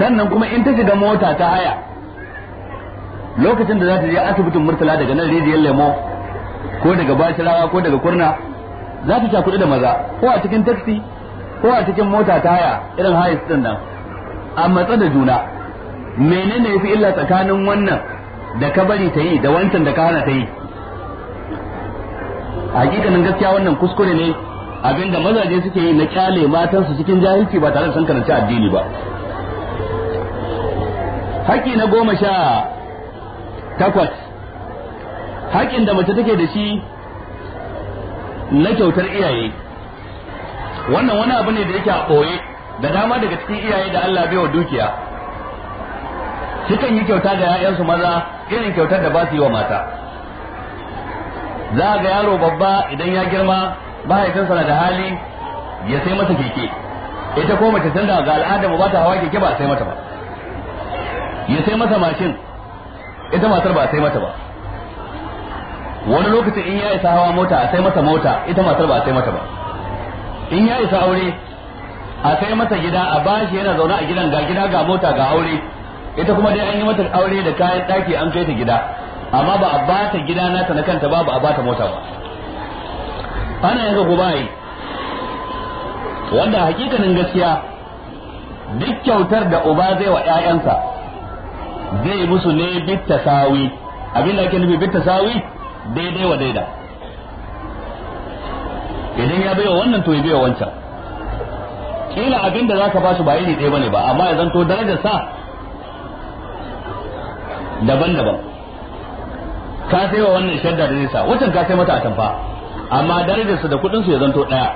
sannan kuma in ta shiga mota ta haya lokacin da za ta je asibitin murtala daga nan rijiyar lemo ko daga bashirawa ko daga kurna za ta sha kuɗi da maza ko a cikin taxi ko a cikin mota ta haya irin hayes din nan a matsa da juna menene yafi illa tsakanin wannan da ka bari ta yi da wancan da ka hana ta yi hakikanin gaskiya wannan kuskure ne abinda mazaje suke yi na kyale matansu cikin jahilci ba tare da sun karanci addini ba haƙƙi na goma sha takwas haƙƙin da mace take da shi na kyautar iyaye wannan wani abu ne da yake a ɓoye da dama daga cikin iyaye da Allah bai wa dukiya sukan yi kyauta ga 'ya'yansu maza irin kyautar da ba su yi wa mata za ga yaro babba idan ya girma mahaifinsa na da hali ya sai masa keke ita ko mace tunda ga al'ada ba ta hawa keke ba sai mata ba ya sai masa mashin ita matar ba sai mata ba wani lokacin in ya isa hawa mota a sai masa mota ita matar ba sai mata ba in ya isa aure a sai masa gida a bashi yana zaune a gidan ga gida ga mota ga aure ita kuma dai an yi mata aure da kayan daki an kai ta gida amma ba a bata gida nata na kanta ba ba a bata mota ba ana yanka gubayi wanda hakikanin gaskiya duk kyautar da uba zai wa 'ya'yansa zai musu ne bitta sawi abin ake nufi bitta sawi daidai wa daida idan ya baiwa wannan to ya baiwa wancan kila abin da zaka ba su ba iri ɗaya ne ba amma ya zanto darajar sa daban-daban ka sai wa wannan shadda da nisa wancan ka sai mata a tamfa amma darajar su da kudin su ya zanto daya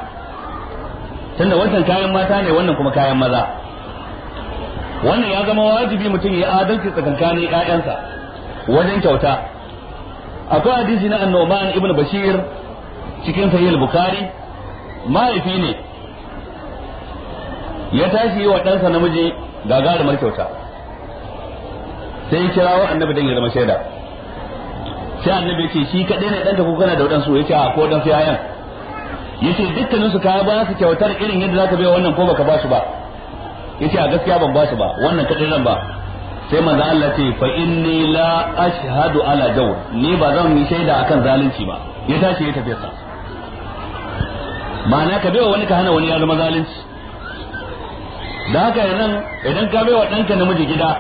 tunda wancan kayan mata ne wannan kuma kayan maza wannan ya zama wajibi mutum ya adalci tsakankanin ƴaƴansa wajen kyauta akwai hadisi na annoban ibn bashir cikin sahih bukhari mahaifi ne ya tashi wa ɗansa namiji gagarumar kyauta sai ya kirawo annabi dan ya zama shaida sai annabi ce shi kadai ne danka ko kana da wadansu yace a ko dan yayan yace dukkanin su kaya ba su kyautar irin yadda zaka bai wannan ko baka ba su ba yace a gaskiya ban ba su ba wannan kadai ran ba sai manzo Allah ce fa inni la ashhadu ala jawr ni ba zan yi shaida akan zalunci ba ya tashi ya tafi sa ma'ana ka bai wani ka hana wani ya zama zalunci da haka nan idan ka bai wa ɗanka namiji gida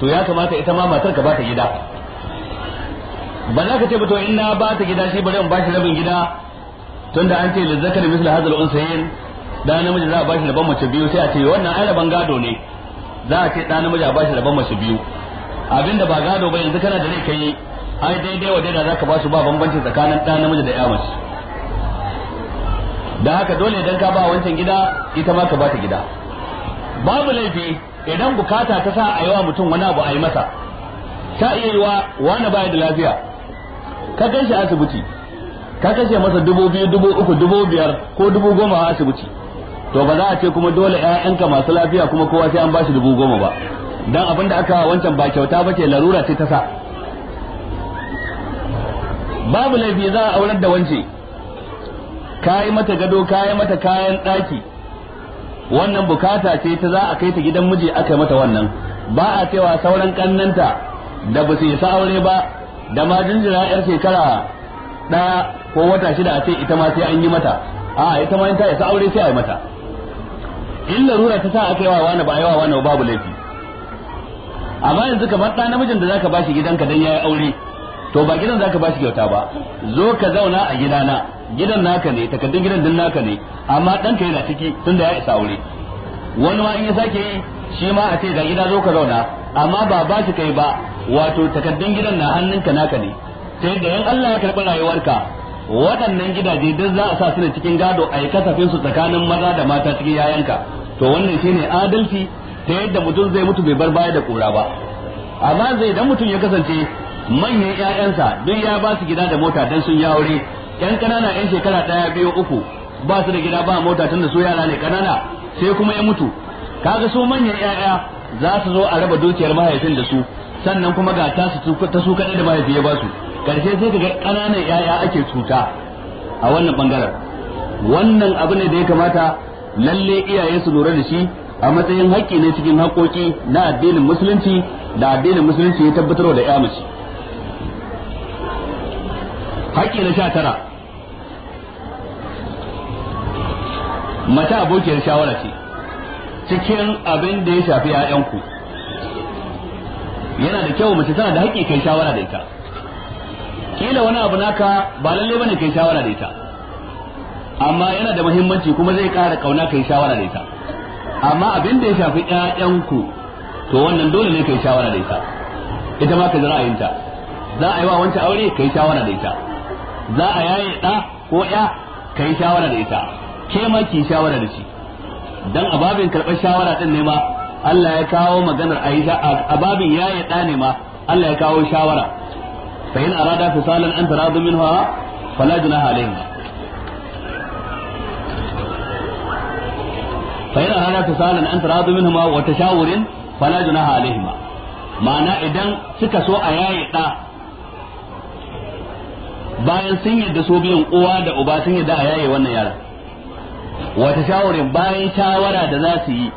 to ya kamata ita ma matar ka ba ta gida ba za ka ce ba to in na ba ta gida shi bari in shi rabin gida tunda an ce da zakar misli hadal unsayin da namiji za a bashi rabin mace biyu sai a ce wannan ai rabin gado ne za a ce da namiji a bashi rabin mace biyu abinda ba gado ba yanzu kana da rai kai ai daidai wa daidai ka ba su ba bambanci tsakanin da namiji da ya shi da haka dole idan ka ba wancan gida ita ma ka ba ta gida babu laifi idan bukata ta sa a yi wa mutum wani abu a yi masa ta iya yi wa wani baya da lafiya ka kai shi asibiti ka kashe masa dubu biyu dubu uku dubu biyar ko dubu goma a asibiti to ba za a ce kuma dole ƴaƴanka masu lafiya kuma kowa sai an bashi dubu goma ba dan abin aka wancan ba kyauta ba ce larura ce ta sa babu laifi za a aurar da wance kayi mata gado kayi mata kayan ɗaki wannan bukata ce ta za a kai ta gidan miji aka yi mata wannan ba a cewa sauran kannanta da ba su yi aure ba da ma jinjira yar shekara ɗaya ko wata shida a ce ita ma sai an yi mata a ita ma ta isa aure sai a yi mata in larura ta sa aka yi wa wani ba yawa wani babu laifi amma yanzu kamar ɗa namijin da zaka bashi gidanka dan yayi aure to ba gidan zaka bashi kyauta ba zo ka zauna a gidana gidan naka ne takaddun gidan din naka ne amma ɗanka yana ciki tun da ya isa aure wani ma in ya sake yi shi ma a ce ga gida zo ka zauna amma ba ba shi kai ba wato takaddun gidan na hannunka naka ne sai da yan Allah ya karɓi rayuwarka waɗannan gidaje duk za a sa su ne cikin gado a yi kasafin su tsakanin maza da mata cikin yayanka to wannan shine adalci ta yadda mutum zai mutu bai bar baya da kura ba amma zai dan mutum ya kasance manyan 'ya'yansa duk ya ba su gida da mota dan sun ya aure 'yan ƙanana 'yan shekara ɗaya biyu uku ba su da gida ba mota tun da su yara ne ƙanana sai kuma ya mutu kaga su manyan ƴaƴa za su zo a raba dukiyar mahaifin da su sannan kuma ga ta su ta su kaɗai da mahaifi ya ba su karshe sai ka ga ƙananan ƴaƴa ake cuta a wannan bangaren wannan abu ne da ya kamata lalle iyaye su lura da shi a matsayin haƙƙi ne cikin haƙoƙi na addinin musulunci da addinin musulunci ya tabbatarwa da ƴa mace haƙƙi na sha tara mata abokiyar shawara ce cikin abin da ya shafi ƴaƴanku yana da kyau mace tana da haƙƙi kai shawara da ita kila wani abu naka ba lalle bane kai shawara da ita amma yana da muhimmanci kuma zai ƙara kauna kai shawara da ita amma abin da ya shafi ƴaƴanku to wannan dole ne kai shawara da ita ita ma ka ji ra'ayinta za a yi wa wancan aure kai shawara da ita za a yaye ɗa ko ƴa kai shawara da ita ke ma ki shawara da shi dan ababin karɓar shawara din ne ma Allah ya kawo maganar Aisha ababin ya ya ne ma Allah ya kawo shawara fa in arada fisalan an taradu minha fala junaha alayhi fa in arada fisalan an taradu minhuma wa tashawurin fala junaha alayhima ma'ana idan suka so a yayi ɗa bayan sun yadda so biyan uwa da uba sun yadda a yaye wannan yaran. wata shawarin bayan shawara da za su yi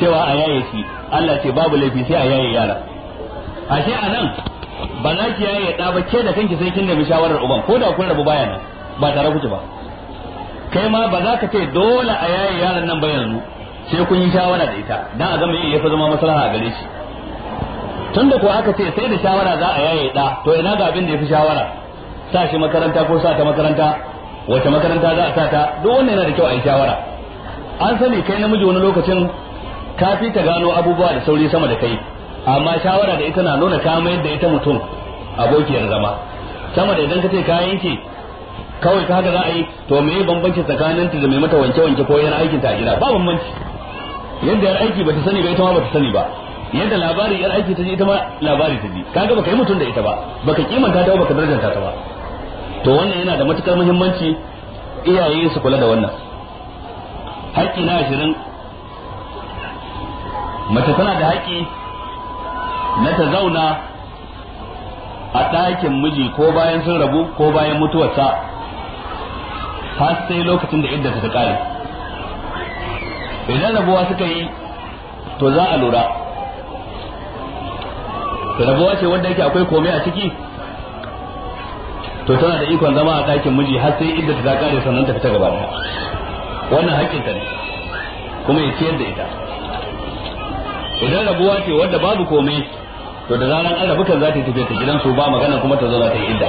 cewa a yaye shi Allah ce babu laifi sai a yaye yara ashe a nan ba za ki yaye ɗa ba ke da kanki sai kin nemi shawarar uban ko da kun rabu baya nan ba tare kuce ba kai ma ba za ka ce dole a yaye yaran nan ba yanzu sai kun yi shawara da ita dan a gama yayi ya zama maslaha a gare shi tunda ko aka ce sai da shawara za a yaye ɗa to ina ga abin da yafi shawara sa shi makaranta ko sa ta makaranta wata makaranta za a sa ta duk wannan yana da kyau a yi shawara an sani kai namiji wani lokacin ka fi ta gano abubuwa da sauri sama da kai amma shawara da ita na nuna ka mayar da ita mutum abokiyar zama sama da idan ka ce ka yanke kawai ka haka za a yi to me bambanci tsakanin ta da mai mata wanke wanke ko yana aikin ta a gida ba bambanci yadda yar aiki ba ta sani ba ita ma ta sani ba yadda labari yar aiki ta ji ita ma labari ta ji kaga baka yi mutum da ita ba baka kimanta ta ba baka darajanta ta ba to wannan yana da matukar muhimmanci iyaye su kula da wannan haƙƙi na ashirin mace tana da haƙƙi na ta zauna a ɗakin miji ko bayan sun rabu ko bayan mutuwarsa har sai lokacin da idda ta kare idan rabuwa suka yi to za a lura rabuwa ce wanda yake akwai komai a ciki to tana da ikon zama a ɗakin miji har sai idda ta kare sannan ta fita gaba ɗaya wannan haƙƙin ta ne kuma ya ciyar da ita idan rabuwa ce wadda babu komai to da zaran an rabu kan za ta tafiya ta gidan su ba magana kuma ta zo za ta yi idda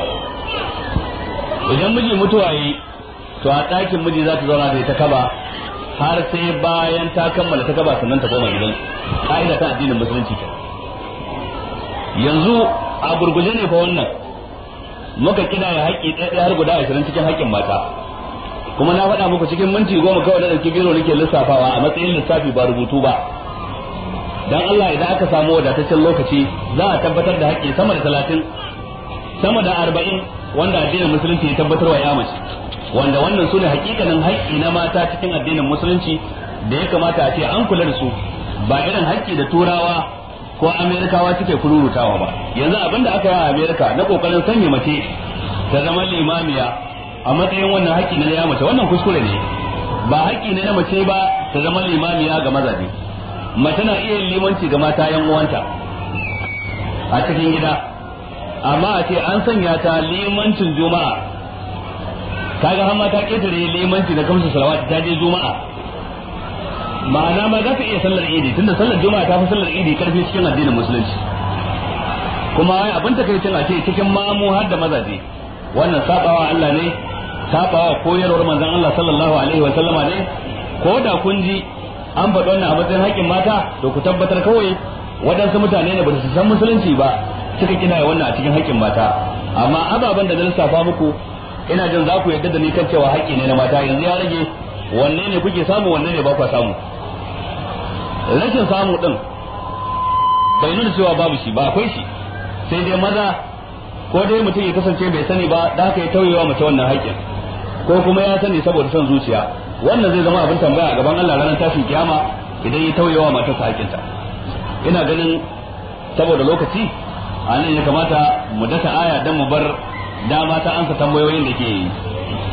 idan miji mutuwa yi to a ɗakin miji za ta zauna da ita kaba har sai bayan ta kammala ta kaba sannan ta koma gidan ka'ida ta addinin musulunci kenan yanzu a gurguje ne fa wannan muka kina ya haƙƙi ɗaya har guda ashirin cikin haƙƙin mata kuma na faɗa muku cikin minti goma kawai da ɗauki biro nake lissafawa a matsayin lissafi ba rubutu ba dan Allah idan aka samu wadataccen lokaci za a tabbatar da haƙƙi sama da talatin sama da arba'in wanda addinin musulunci ya tabbatar wa ya mace wanda wannan su ne hakikanin haƙƙi na mata cikin addinin musulunci da ya kamata a ce an kula da su ba irin haƙƙi da turawa ko amerikawa suke kururutawa ba yanzu abin da aka yi a amerika na kokarin sanya mace ta zama limamiya a matsayin wannan haƙƙi na ya mace wannan kuskure ne ba haƙƙi ne na mace ba ta zama limamiya ga mazaje mace na iya limanci ga mata yan uwanta a cikin gida amma a ce an sanya ta limancin juma'a kaga har mata ƙetare limanci da kamsu salawa ta je juma'a ma'ana ma za ka iya sallar idi tunda sallar juma'a ta fi sallar idi karfi cikin addinin musulunci kuma wai abin ta kai a ce cikin mamu har da mazaje wannan sabawa Allah ne sabawa koyarwar manzon Allah sallallahu alaihi wa sallama ne ko da kun ji an faɗi wannan a matsayin haƙƙin mata to ku tabbatar kawai waɗansu mutane ne ba su san musulunci ba suka kina wannan a cikin haƙƙin mata amma ababen da na lissafa muku ina jin za ku yarda da ni kan cewa haƙƙi ne na mata yanzu ya rage wanne ne kuke samu wanne ne ba ku samu rashin samu din bai nuna cewa babu shi ba akwai shi sai dai maza ko dai mutum ya kasance bai sani ba da haka ya tauyewa mace wannan haƙƙin ko kuma ya sani saboda son zuciya wannan zai zama abin tambaya a gaban Allah ranar tashin kiyama idan ya tauyewa matarsa haƙƙinta ina ganin saboda lokaci a nan ya kamata mu dasa aya dan mu bar dama ta ansa tambayoyin da ke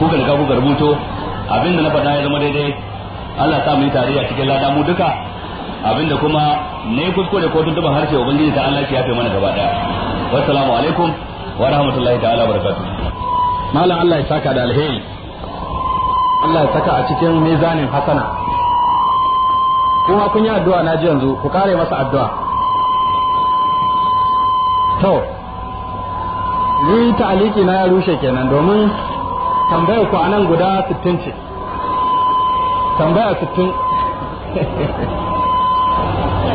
kuka riga kuka rubuto abinda na faɗa ya zama daidai Allah sa mu yi a cikin lada mu duka abinda kuma ne da ko tuba harshe ubangiji ta Allah ya yafe mana gaba daya wassalamu alaikum wa rahmatullahi ta'ala barakatuh malam Allah ya saka da alheri Allah ya saka a cikin mizanin hasana kuma kun yi addu'a na ji yanzu ku kare masa addu'a to ni ta'aliki na ya rushe kenan domin tambayar ku anan guda 60 ce tambaya 60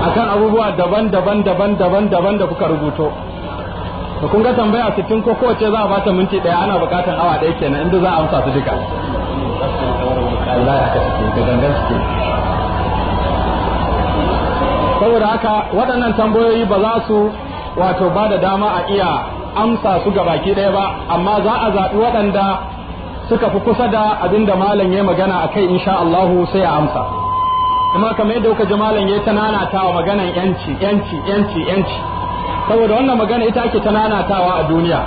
akan abubuwa daban-daban daban-daban daban da kuka rubuto to kun ga tambaya cikin ko kowace za a bata minti daya ana bukatan awa daya kenan inda za a amsa su duka saboda haka waɗannan tambayoyi ba za su wato ba da dama a iya amsa su ga baki ɗaya ba amma za a zaɓi waɗanda suka fi kusa da abin da malam ya magana a kai insha Allahu sai a amsa. kuma kamar yadda kuka ji malam yayi tananatawa maganan yanci yanci yanci yanci saboda wannan magana ita ake tananatawa a duniya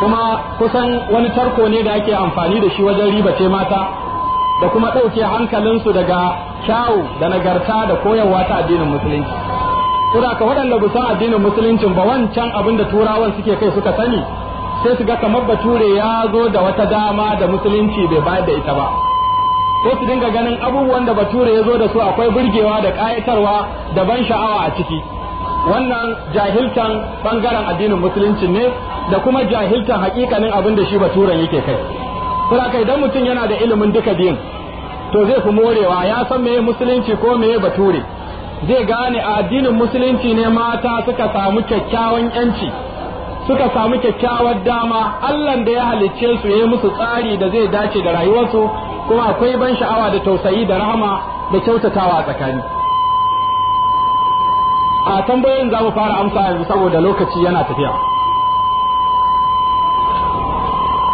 kuma kusan wani tarko ne da ake amfani da shi wajen ribace mata da kuma ɗauke hankalinsu daga kyawu da nagarta da koyarwa ta addinin musulunci Kudaka ka waɗanda bu san addinin musulunci ba wancan abin da turawan suke kai suka sani sai su ga kamar bature ya zo da wata dama da musulunci bai bayar da ita ba ko su dinga ganin abubuwan da bature ya zo da su akwai burgewa da kayatarwa da ban sha'awa a ciki wannan jahiltan bangaren addinin musulunci ne da kuma jahiltan hakikanin abin da shi baturen yake kai kuma kai idan mutum yana da ilimin duka biyun to zai fi morewa ya san meye musulunci ko meye bature zai gane addinin musulunci ne mata suka samu kyakkyawan yanci suka samu kyakkyawar dama Allah da ya halicce su yi musu tsari da zai dace da rayuwarsu kuma akwai ban sha'awa da tausayi da rahama da kyautatawa a tsakani a tambayoyin za mu fara amsa yanzu saboda lokaci yana tafiya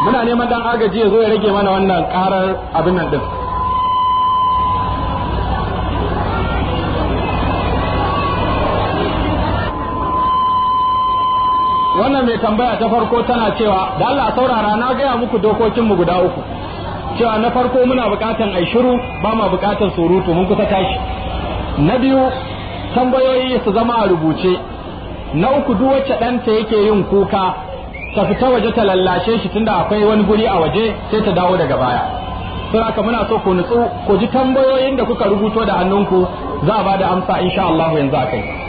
muna neman dan agaji ya zo ya rage mana wannan karar abin nan din wannan mai tambaya ta farko tana cewa da Allah saurara na gaya muku dokokinmu guda uku cewa na farko muna bukatan ai shiru ba ma bukatan surutu mun kusa tashi na biyu tambayoyi su zama a rubuce na uku duk wacce ɗanta yake yin kuka ta fita waje ta lallashe shi tunda akwai wani guri a waje sai ta dawo daga baya sai haka muna so ku nutsu ku ji tambayoyin da kuka rubuto da hannunku za a ba da amsa insha Allah yanzu akai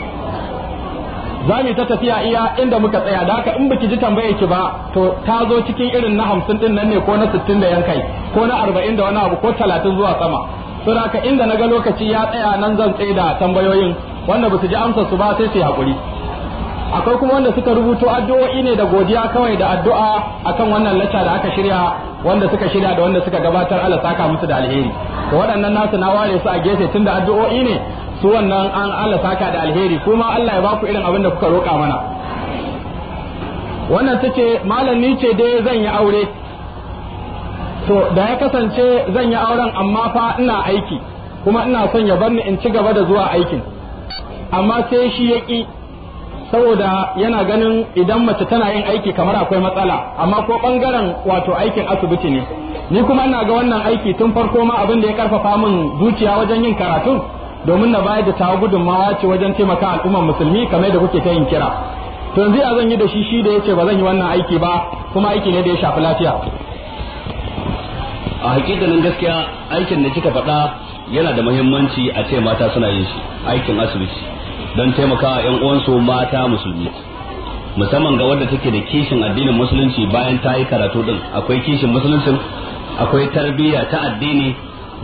za mu ta tafiya iya inda muka tsaya da haka in baki ji tambayar ki ba to ta zo cikin irin na hamsin din nan ne ko na sittin da yankai ko na arba'in da wani abu ko talatin zuwa sama to da haka inda na ga lokaci ya tsaya nan zan tsaye da tambayoyin wanda ba su ji amsar su ba sai su yi hakuri akwai kuma wanda suka rubuto addu'o'i ne da godiya kawai da addu'a akan wannan lacca da aka shirya wanda suka shirya da wanda suka gabatar Allah saka musu da alheri to waɗannan nasu na ware su a gefe tunda addu'o'i ne su wannan an Allah saka da alheri kuma Allah ya baku irin abin da kuka roƙa mana wannan tace ni ce dai zan yi aure to da ya kasance zan yi auren amma fa ina aiki kuma ina son ya bar ni in ci gaba da zuwa aikin amma sai shi ya ƙi saboda yana ganin idan mace tana yin aiki kamar akwai matsala amma ko bangaren wato aikin asibiti ne ni kuma ina ga wannan aiki tun farko ma abin da ya karfafa min zuciya wajen yin karatun domin na bayar da ta gudunmawa ce wajen taimaka al'ummar musulmi kamar da kuke ta yin kira to yanzu a zan yi da shi shi da yace ba zan yi wannan aiki ba kuma aiki ne da ya shafi lafiya a hakikanin gaskiya aikin da kika faɗa yana da muhimmanci a ce mata suna yin shi aikin asibiti don taimakawa yan uwansu mata musulmi musamman ga wanda take da kishin addinin musulunci bayan ta yi karatu din akwai kishin musulunci akwai tarbiyya ta addini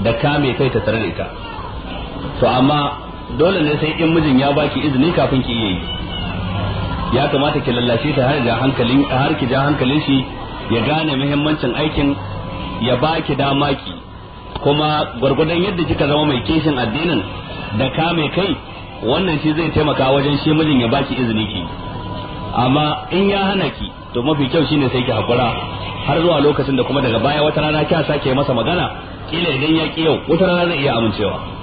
da kame kai ta tare da ita to amma dole ne sai in mijin ya baki izini kafin ki iya yi ya kamata ki lallashe ta har ga hankalin har ki ja hankalin shi ya gane muhimmancin aikin ya baki dama ki kuma gwargwadon yadda kika zama mai kishin addinin da ka mai kai wannan shi zai taimaka wajen shi mijin ya baki izini ki amma in ya hana ki to mafi kyau shine sai ki hakura har zuwa lokacin da kuma daga baya wata rana kya sake masa magana kila idan ya ki yau wata rana zai iya amincewa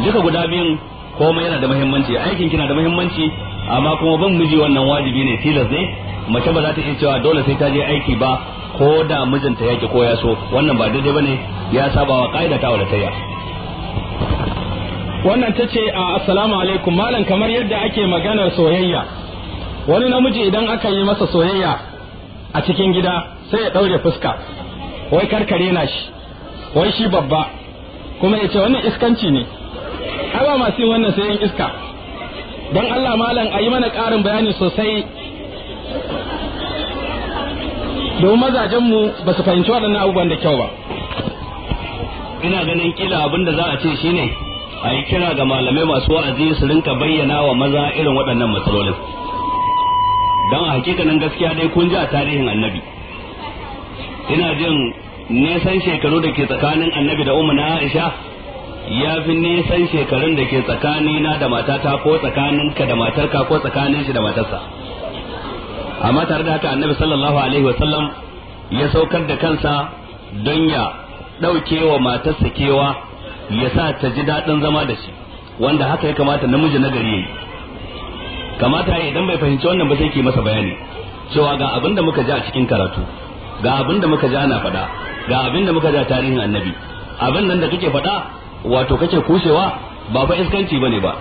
duka guda biyun komai yana da muhimmanci aikin kina da muhimmanci amma kuma ban miji wannan wajibi ne tilas ne mace ba za ta iya cewa dole sai ta je aiki ba ko da mijinta yake ko ya so wannan ba daidai bane ya saba wa kaida ta auratayya wannan ta ce a assalamu alaikum malam kamar yadda ake maganar soyayya wani namiji idan aka yi masa soyayya a cikin gida sai ya ɗaure fuska wai karkare na shi wai shi babba kuma ya ce wannan iskanci ne ai ba masu yin wannan sai iska don Allah malam a yi mana ƙarin bayani sosai domin mazajenmu ba su fahimci waɗannan abubuwan da kyau ba ina ganin kila abin da za a ce shine a yi kira ga malamai masu wa'azi su rinka bayyana wa maza irin waɗannan matsalolin don a hakikanin gaskiya dai kun ji a tarihin annabi ina jin nisan shekaru da ke tsakanin annabi da umarna aisha ya fi nisan shekarun da ke tsakanina da matata ko tsakaninka da matarka ko tsakanin shi da matarsa amma tare da haka annabi sallallahu alaihi wa sallam ya saukar da kansa don ya ɗauke wa matarsa kewa ya sa ta ji daɗin zama da shi wanda haka ya kamata namiji na gari yi kamata ya idan bai fahimci wannan ba zai ke masa bayani cewa ga abin da muka ji a cikin karatu ga abin da muka ji ana faɗa ga abin da muka ji a tarihin annabi abin nan da kake faɗa wato kake kushewa ba fa iskanci bane ba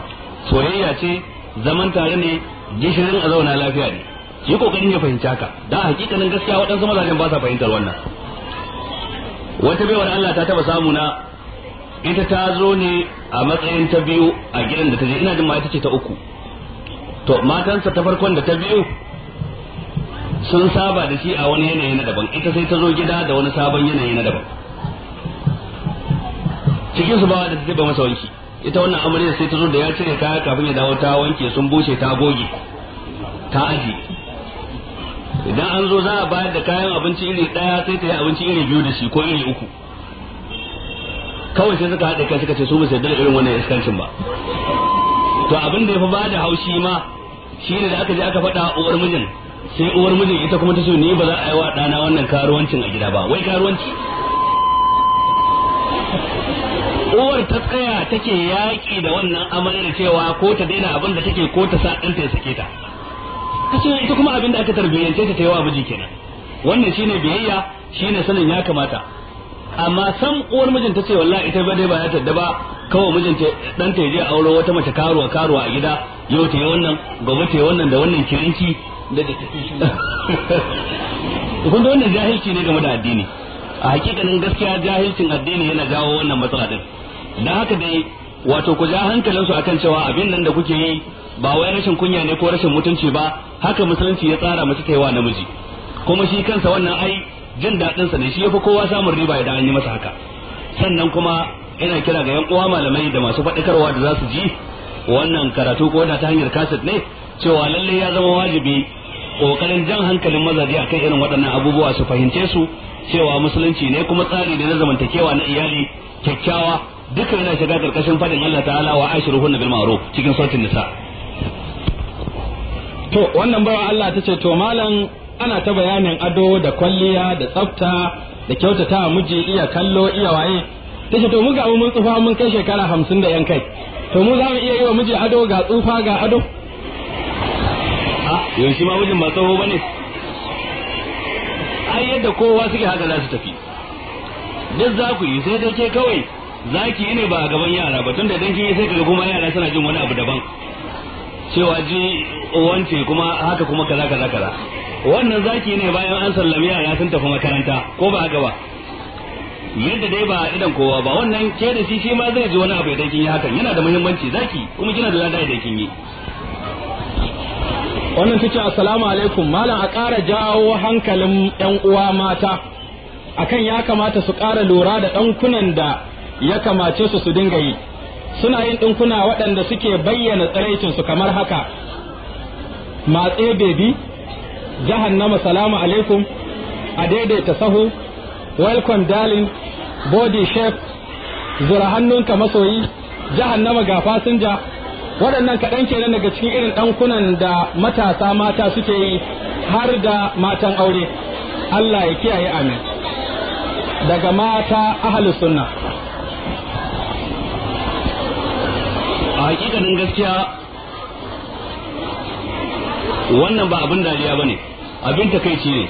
soyayya ce zaman tare ne gishirin a zauna lafiya ne yi kokarin ya fahimci haka da hakikanin gaskiya waɗansu mazajen ba sa fahimtar wannan wata baiwar Allah ta taba samu na ita ta zo ne a matsayin ta biyu a gidan da ta je ina jin ma ita ce ta uku to matansa ta farkon da ta biyu sun saba da shi a wani yanayi na daban ita sai ta zo gida da wani sabon yanayi na daban cikin su ba da ta masa wanki ita wannan amarya sai ta zo da ya cire kaya kafin ya dawo ta wanke sun bushe ta goge ta aji idan an zo za a bayar da kayan abinci iri daya sai ta yi abinci iri biyu da shi ko iri uku kawai sai suka haɗe kai suka ce su musu dala irin wannan iskancin ba to abin da ya fi ba da haushi ma shi ne da aka je aka faɗa uwar mijin sai uwar mijin ita kuma ta ce ni ba za a yi wa ɗana wannan karuwancin a gida ba wai karuwanci uwar ta tsaya take yaƙi da wannan amalin cewa ko ta daina abin da take ko ta sa ɗanta ya sake ta kace ita kuma abin da aka tarbiyyance ta taiwa miji kenan wannan shine biyayya shine sanin ya kamata amma san uwar mijin ta ce wallahi ita ba dai ba ya tadda ba kawai mijin ta dan ta je auro wata mace karuwa karuwa a gida yau ta yi wannan gobe ta yi wannan da wannan kirinci da da kun da wannan jahilci ne game da addini a hakikanin gaskiya jahilcin addini yana jawo wannan matsala din dan haka dai wato ku ja hankalinsu akan cewa abin nan da kuke yi ba wai rashin kunya ne ko rashin mutunci ba haka musulunci ya tsara masa ta namiji kuma shi kansa wannan ai jin daɗin sa ne shi yafi kowa samun riba idan an yi masa haka sannan kuma ina kira ga yan uwa malamai da masu faɗakarwa da za su ji wannan karatu ko da ta hanyar kaset ne cewa lalle ya zama wajibi kokarin jan hankalin mazaje akan irin waɗannan abubuwa su fahimce su cewa musulunci ne kuma tsari ne na zamantakewa na iyali kyakkyawa duka yana shiga karkashin fadin Allah ta'ala wa hunna bil ma'ruf cikin sautin nisa to wannan bawa Allah ta ce to malam ana ta bayanin ado da kwalliya da tsafta da kyautata miji iya kallo iya waye ta ce to mu ga mun tsufa mun kai shekara hamsin da yan kai to mu za mu iya yi wa miji ado ga tsufa ga ado ah, yanzu ma mijin ba tsoho bane ai yadda kowa suke haka za su tafi duk za ku yi sai dai ke kawai zaki ne ba a gaban yara ba da dan kin sai kaga kuma yara suna jin wani abu daban cewa ji wance kuma haka kuma kaza kaza kaza wannan zaki ne bayan an sallami yara sun tafi makaranta ko ba haka ba yadda dai ba idan kowa ba wannan ke da shi shi ma zai ji wani abu idan kin yi hakan yana da muhimmanci zaki kuma kina da lada idan kin yi wannan tace assalamu alaikum malam a ƙara jawo hankalin yan uwa mata akan ya kamata su ƙara lura da ɗankunan da ya kamace su su dinga yi suna yin ɗinkuna waɗanda suke bayyana tsiraicinsu kamar haka matse bebi jahannama salamu alaikum a daidaita sahu welcome darling body shape zura hannunka masoyi jahannama ga fasinja waɗannan kaɗan kenan daga cikin irin ɗankunan da matasa mata suke yi har da matan aure Allah ya kiyaye amin daga mata ahalus sunna a hakikanin gaskiya wannan ba abin dariya ba ne abin takaici ne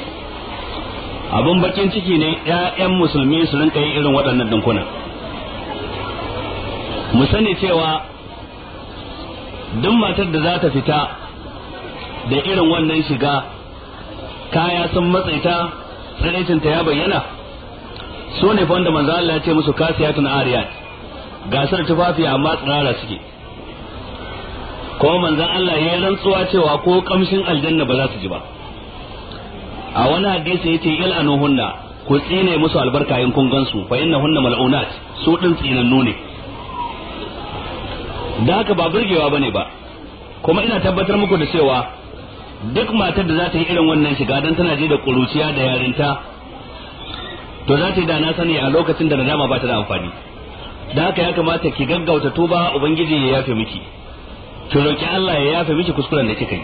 abin bakin ciki ne yayan musulmi su rinka yin irin waɗannan dunkuna mu sani cewa duk matar da za ta fita da irin wannan shiga kaya sun matsaita ta ya bayyana su ne fa wanda manzo Allah ya ce musu kasiyatun ariyat gasar tufafi amma tsirara suke kuma manzan Allah ya rantsuwa cewa ko kamshin aljanna ba za su ji ba a wani hadisi yace il anuhunna ku tsine musu albarka in kun gansu fa hunna mal'unat su din tsinannu ne da haka ba burgewa bane ba kuma ina tabbatar muku da cewa duk matar da za ta yi irin wannan shiga dan tana je da kuruciya da yarinta to za ta yi da na sani a lokacin da nadama ba ta da amfani da haka ya kamata ki gaggauta tuba ubangiji ya yafe miki ki roki Allah ya yafe miki kuskuren da kika yi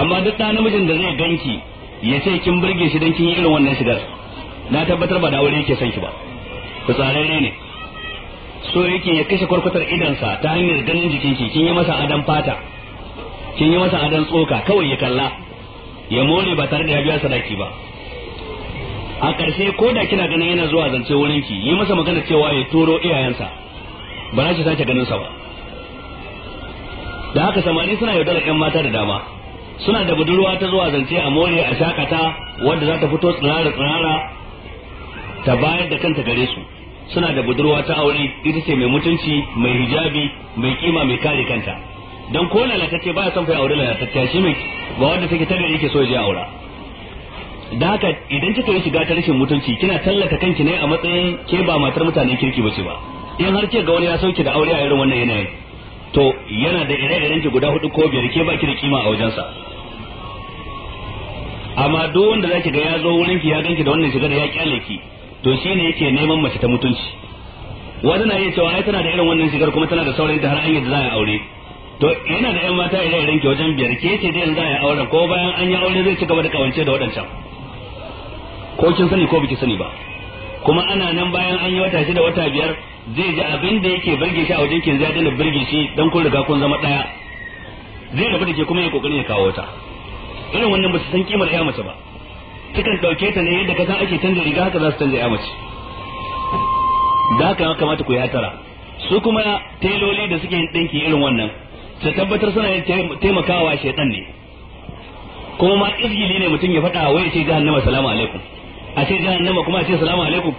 amma duk da namijin da zai ganki ya ce kin burge shi dan kin yi irin wannan shigar na tabbatar ba da aure yake son ki ba ku tsare ne so yake ya kashe kwarkwatar sa ta hanyar ganin jikin ki kin yi masa adan fata kin yi masa adan tsoka kawai ya kalla ya more ba tare da ya biya sadaki ba a ƙarshe ko da kina ganin yana zuwa zance wurin ki yi masa magana cewa ya turo iyayensa ba za ki sake ganin sa ba da haka samari suna da yan mata da dama suna da budurwa ta zuwa zance a more a shakata wadda za ta fito tsirara tsirara ta bayar da kanta gare su suna da budurwa ta aure ita ce mai mutunci mai hijabi mai kima mai kare kanta don ko lalatacce baya son fa aure lalatacce shi mai ba wanda take tare yake so ya aura da haka idan kika yi shiga ta rashin mutunci kina tallata kanki ne a matsayin ke ba matar mutanen kirki ba ce ba in har ke ga wani ya sauke da aure a irin wannan yanayin to yana da ire-iren guda hudu ko biyar ke baki da kima a wajensa amma duk wanda zaki ga ya zo wurin ki ya ganki da wannan shigar ya kyale ki to shine yake neman mace ta mutunci wani na iya cewa ai tana da irin wannan shigar kuma tana da saurayin ta har an yi da za a aure to yana da yan mata ire-iren ki wajen biyar ke ce dai za a aure ko bayan an yi aure zai ci gaba da kawance da waɗancan ko kin sani ko biki sani ba kuma ana nan bayan an yi wata shida wata biyar zai ji abin da yake birge shi a wajen ke zai dana birge shi dan kun riga kun zama daya zai rabu da ke kuma ya kokarin ya kawo ta irin wannan ba su san kimar ya mace ba kikan dauke ta ne yadda ka san ake canza riga haka za su canza ya mace da haka ya kamata ku yi hatara su kuma teloli da suke yin dinki irin wannan su tabbatar suna yin taimakawa shedan ne kuma ma izgili ne mutum ya faɗa wai ya ce jahannama salamu alaikum a ce jahannama kuma a ce salamu alaikum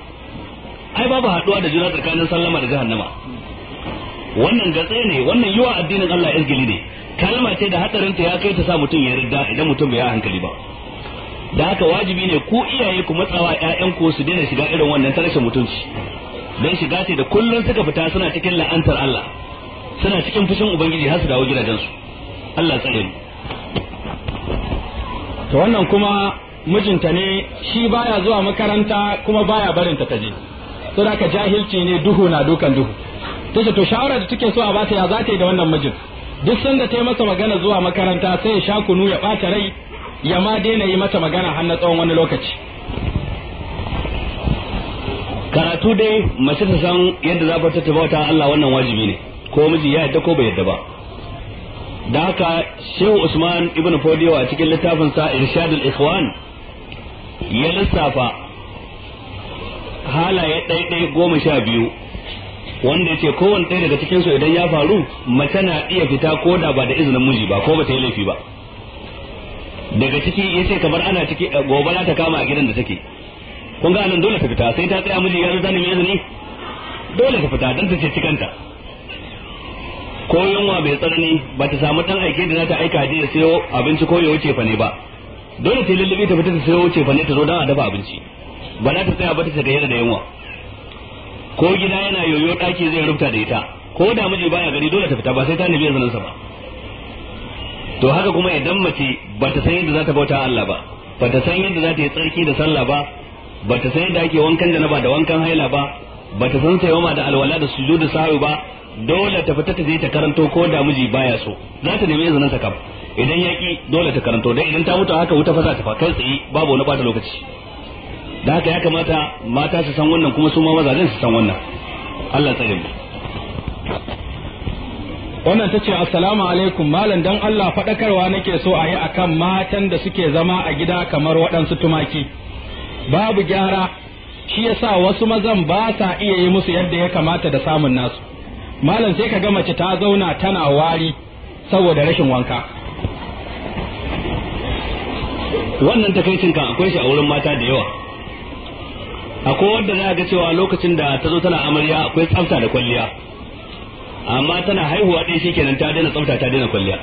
ai babu haduwa da juna tsakanin sallama da jahannama wannan gatse ne wannan yiwa addinin Allah izgili ne kalma ce da hatsarin ta ya kai ta sa mutum ya ridda idan mutum bai hankali ba da haka wajibi ne ku iyaye ku matsawa ƴaƴan ku su daina shiga irin wannan ta rashin mutunci dan shiga ce da kullun suka fita suna cikin la'antar Allah suna cikin fushin ubangiji har su dawo gidajensu Allah tsare mu to wannan kuma mijinta ne shi baya zuwa makaranta kuma baya barin ta taje so da jahilci ne duhu na dukan duhu tace to shawarar da take so a bata ya za ta yi da wannan mijin duk sanda ta yi masa magana zuwa makaranta sai ya sha kunu ya ɓata rai ya ma daina yi mata magana har na tsawon wani lokaci karatu dai mace ta san yadda za ta taba ta Allah wannan wajibi ne ko miji ya yadda ko bai yadda ba da haka Shehu Usman ibn Fodiyo a cikin littafin sa Irshadul Ikhwan ya lissafa halaye ɗaiɗai goma sha biyu wanda ce kowanne ɗaya daga cikinsu idan ya faru mace na iya fita ko da ba da izinin miji ba ko ba ta yi laifi ba daga ciki ya ce kamar ana ciki eh, gobe za ta kama a gidan da take kun ga nan dole ta fita sai ta tsaya miji ya zani mai izini dole ta fita don ta ce cikanta ko yunwa mai tsanani ba ta samu dan aiki da za ta aika je sayo abinci ko ya wuce fa ne ba dole ta lullubi ta fita ta sayo wuce fa ne ta zo don a dafa abinci ba za ta tsaya ba ta tagayyar da yunwa ko gida yana yoyo daki zai rubuta da ita ko da miji baya gari dole ta fita ba sai ta nabi zanen sa ba to haka kuma idan mace ba ta san yadda za ta bauta Allah ba ba ta san yadda za ta yi tsarki da sallah ba ba ta san yadda ake wankan janaba da wankan haila ba ba ta san sayoma da alwala da da sahu ba dole ta fita ta je ta karanto ko da miji baya so za ta nemi izinin sa kam idan yaki dole ta karanto dan idan ta mutu haka wuta fasa ta fa kai tsaye babu wani bata lokaci da haka ya kamata mata su san wannan kuma su ma mazajen su san wannan Allah tsare mu wannan ta ce assalamu alaikum malam dan Allah faɗakarwa nake so a yi akan matan da suke zama a gida kamar waɗansu tumaki babu gyara shi yasa wasu mazan ba sa iya yi musu yadda ya kamata da samun nasu malam sai ka ga mace ta zauna tana wari saboda rashin wanka wannan takaicin kan akwai shi a wurin mata da yawa akwai wanda za a ga cewa lokacin da ta zo tana amarya akwai tsafta da kwalliya amma tana haihuwa ɗaya kenan ta daina tsafta ta daina kwalliya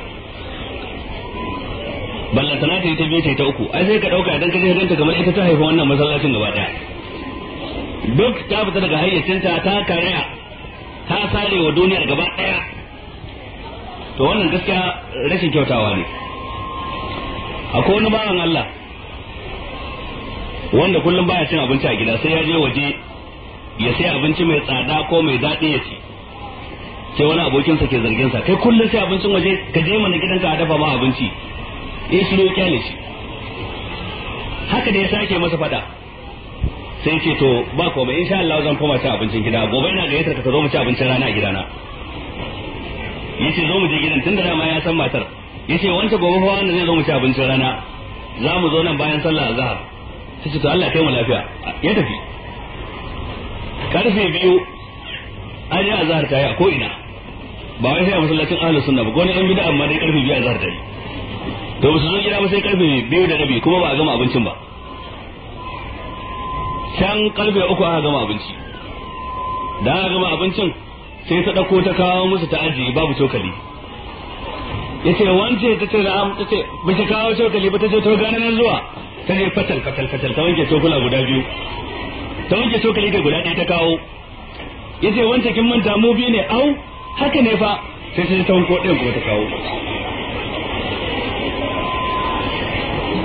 na ta yi ta biyu ta uku ai sai ka ɗauka idan ka je ganta kamar ita ta haifa wannan masallacin gaba ɗaya duk ta fita daga hayyacinta ta karaya ta sare wa duniyar gaba ɗaya to wannan gaskiya rashin kyautawa ne akwai wani bawan Allah wanda kullum baya cin abinci a gida sai ya je waje ya sai abinci mai tsada ko mai daɗi ya ci sai wani abokinsa ke zargin sa kai kullum sai abincin waje ka je mana gidanka a dafa ma abinci ya shiru ya kyale shi haka da ya sake masa fada sai ce to ba komai insha Allah zan koma ci abincin gida gobe ina gayyatar ka zo mu ci abincin rana a gidana Ya ce zo mu je gidan tunda dama ya san matar ya ce wancan gobe fa wannan zai zo mu ci abincin rana za mu zo nan bayan sallah azhar sai ce to Allah kai mu lafiya ya tafi karfe biyu an yi azhar ta yi a ko'ina ba wai sai a masallacin ahlus sunna ba ko ne an da amma dai karfe biyu azhar ta yi to ba su zo gida ba sai karfe biyu da rabi kuma ba a gama abincin ba can karfe uku aka gama abinci da aka gama abincin sai ta ɗauko ta kawo musu ta ajiye babu cokali ya ce wance ta ce na ta ce ba ta kawo cokali ba ta ce to gane nan zuwa ta je fatal fatal fatal ta wanke cokula guda biyu ta wanke cokali ita guda ɗaya ta kawo ya ce wancan kin manta mu biyu ne au haka ne fa sai sai ta wanko ɗaya kuma ta kawo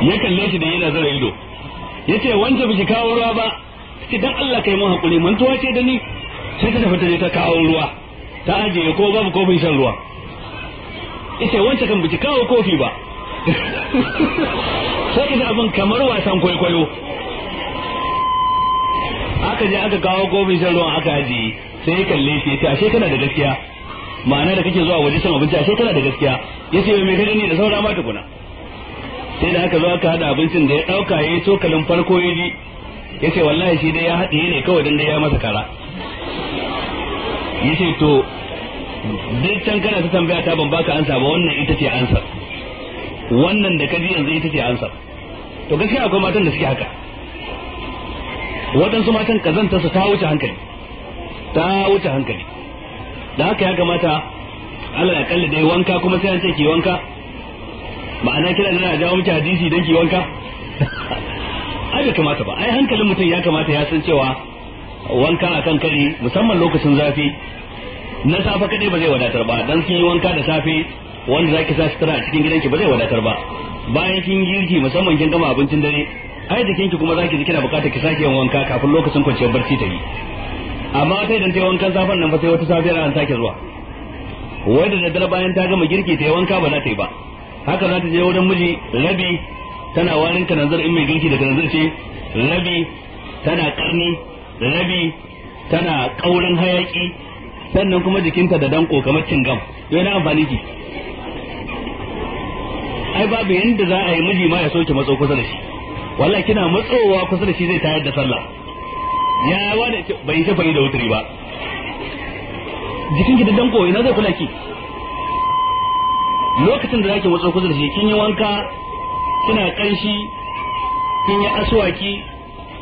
ya kalle shi da yana zara ido ya ce wancan biki kawo ruwa ba sai dan Allah kai mun hakuri mun tuwa ce da ni sai ta tafi ta je ta kawo ruwa ta ajiye ko babu kofin shan ruwa ita wancan kan biki kawo kofi ba sai ka abin kamar wasan kwaikwayo aka je aka kawo kofin shan ruwan aka ajiye sai ya kalle shi ta ashe kana da gaskiya ma'ana da kake zuwa waje shan abinci ashe kana da gaskiya ya ce mai kai gani da saura ma tukuna sai da aka zo aka hada abincin da ya dauka ya yi cokalin farko ya ji ya ce wallahi shi dai ya haɗe ne kawai dan da ya masa kara ya ce to duk can kana ta tambaya ta ban baka ansa ba wannan ita ce ansa wannan da kaji yanzu ita ce ansa to gaskiya akwai matan da suke haka waɗansu matan kazanta su ta wuce hankali ta wuce hankali da haka ya kamata Allah ya kalle dai wanka kuma sai an ce ki wanka ma'ana kira na jawo miki hadisi dan ki wanka ai bai kamata ba ai hankalin mutum ya kamata ya san cewa wanka akan kari musamman lokacin zafi na safe kadai ba zai wadatar ba dan kin yi wanka da safe wanda zaki sa sutura a cikin gidanki ba zai wadatar ba bayan kin girki musamman kin gama abincin dare ai jikinki kuma zaki ji kina bukatar ki sake yin wanka kafin lokacin kwanciyar barci ta yi amma sai dan tayi wankan safan nan fa sai wata safiyar an sake zuwa wai da daddare bayan ta gama girki ta yi wanka ba za ta yi ba haka za ta je wurin miji rabi tana warin ka nanzar in mai girki da nanzar ce rabi tana karni rabi tana kaurin hayaki sannan kuma jikinta da danko kamar cingam yana amfani ki ai babu yanda za a yi miji ma ya soke matso kusa da shi wallahi kina matsowa kusa da shi zai tayar da sallah ya wani bai ta fayi da wuturi ba jikin ki da danko ina zai kula ki lokacin da zaki matso kusa da shi kin yi wanka kina kanshi kin yi aswaki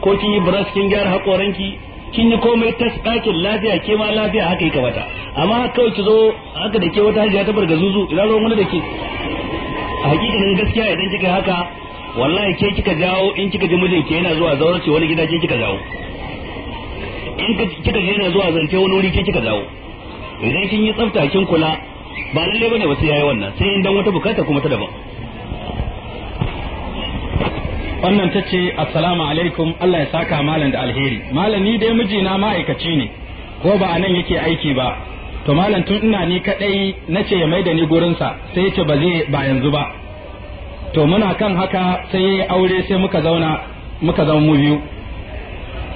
ko kin yi brush kin gyara hakoranki kin yi komai tas ɗakin lafiya ke ma lafiya haka yi kamata amma kawai ki zo haka da ke wata hajiya ta barga zuzu ina ruwan wani da ke a hakikanin gaskiya idan kika haka wallahi ke kika jawo in kika ji ke yana zuwa zaurace wani gida ke kika jawo in kika ji yana zuwa zance wani wuri ke kika jawo idan kin yi tsafta kin kula ba lalle bane ba sai yayi wannan sai in dan wata bukata kuma ta daban wannan ta ce assalamu alaikum Allah ya saka malam da alheri malam ni dai mijina ma'aikaci ne ko ba anan yake aiki ba to malam tun ina ni kadai nace ya maida ni gurinsa sai yace ba zai ba yanzu ba to muna kan haka sai yayi aure sai muka zauna muka zama mu biyu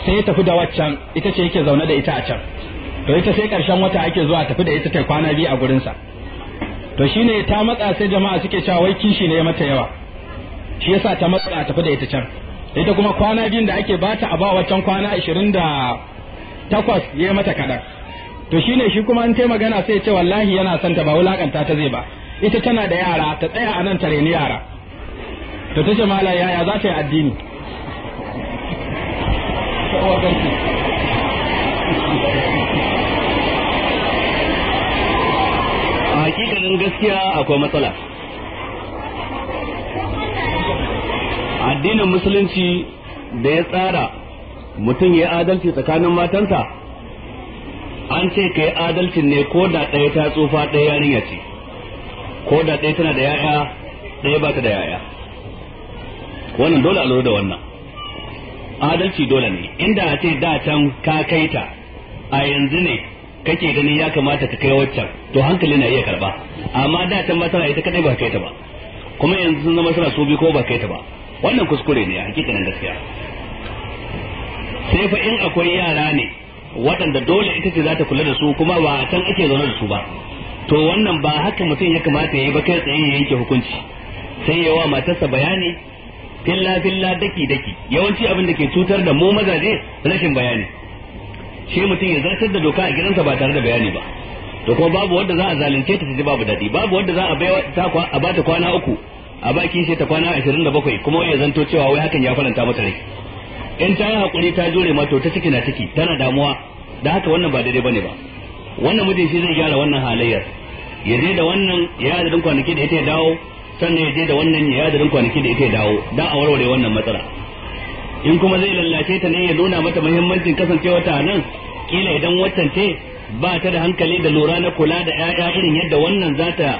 sai ya tafi da waccan ita ce yake zaune da ita a can to ita sai karshen wata ake zuwa tafi da ita ta kwana biyu a gurinsa to shine ta matsa sai jama'a suke cewa wai kishi ne mata yawa shi yasa ta matsa tafi da ita can ita kuma kwana biyun da ake bata a ba waccan kwana da 28 yayi mata kadan to shine shi kuma in ta magana sai ce wallahi yana son ta ba wulakanta ta zai ba ita tana da yara ta tsaya a nan ta reni yara to ta ce mala yaya za ta yi addini a hakikanin gaskiya akwai matsala addinin musulunci da ya tsara mutum ya adalci tsakanin matansa an ce kai adalcin ne ko da ɗaya ta tsufa ɗaya yarinya ce ko da ɗaya tana da yaya ɗaya ba ta da yaya wannan dole a lura da wannan adalci dole ne inda a ce da can ka kai ta a yanzu ne kake ganin ya kamata ka kai waccan to hankali na iya karba amma da can ma tana ita kadai ba kai ta ba kuma yanzu sun zama suna su bi ko ba kai ta ba wannan kuskure ne a hakikanin gaskiya sai fa in akwai yara ne waɗanda dole ita ce za ta kula da su kuma ba can ake zaune da su ba to wannan ba haka mutum ya kamata ya yi ba kai tsaye ya yanke hukunci sai yawa matarsa bayani filla filla daki daki yawanci abin da ke cutar da mu mazaje rashin bayani shi mutum ya zartar da doka a gidansa ba tare da bayani ba to kuma babu wanda za a zalunce ta ji babu daɗi babu wanda za a bai ta a bata kwana uku a baki sai ta kwana 27 kuma ya zanto cewa wai hakan ya faranta mata rai in ta yi hakuri ta jure ma ta ciki na ciki tana damuwa da haka wannan ba daidai bane ba wannan mutum shi zai gyara wannan halayyar ya je da wannan ya adadin kwanaki da ita ya dawo sannan ya je da wannan ya adadin kwanaki da ita ya dawo dan a warware wannan matsala in kuma zai lallace ta ne ya nuna mata muhimmancin kasancewa ta nan kila idan watan ce ba ta da hankali da lura na kula da 'ya'ya irin yadda wannan za ta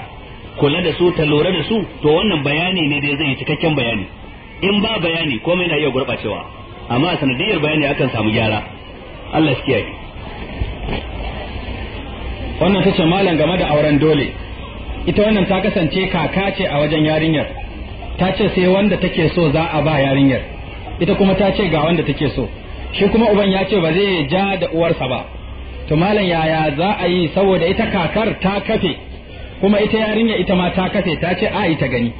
kula da su ta lura da su to wannan bayani ne dai zai yi cikakken bayani in ba bayani komai na iya gurɓacewa amma a sanadiyar bayani akan samu gyara Allah shi kiyaye wannan tace malam game da auren dole ita wannan ta kasance kaka ce a wajen yarinyar ta ce sai wanda take so za a ba yarinyar ita kuma ta ce ga wanda take so shi kuma uban ya ce ba zai ja da uwarsa ba to malam yaya za a yi saboda ita kakar ta kafe kuma ita yarinyar ita ma ta kafe ta ce a ita gani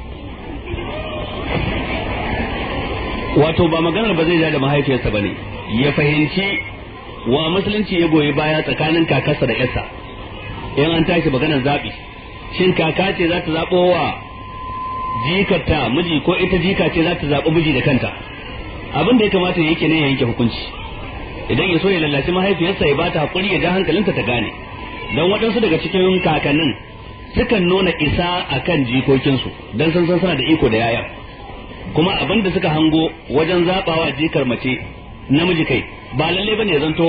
wato ba maganar ba zai ja da mahaifiyarsa ba ne ya fahimci wa musulunci ya goyi baya tsakanin kakarsa da yarsa in an tashi maganar zaɓi. shin kaka ce za ta zaɓo wa jikarta miji ko ita jika ce za ta zaɓo miji da kanta abin da ya kamata ya yake ne ya yanke hukunci idan ya so ya lallaci mahaifiyarsa ya bata hakuri ya ja hankalinta ta gane don waɗansu daga cikin kakannin sukan nuna isa akan jikokinsu don san san suna da iko da yaya kuma abin da suka hango wajen zabawa jikar mace namiji kai ba lalle bane zanto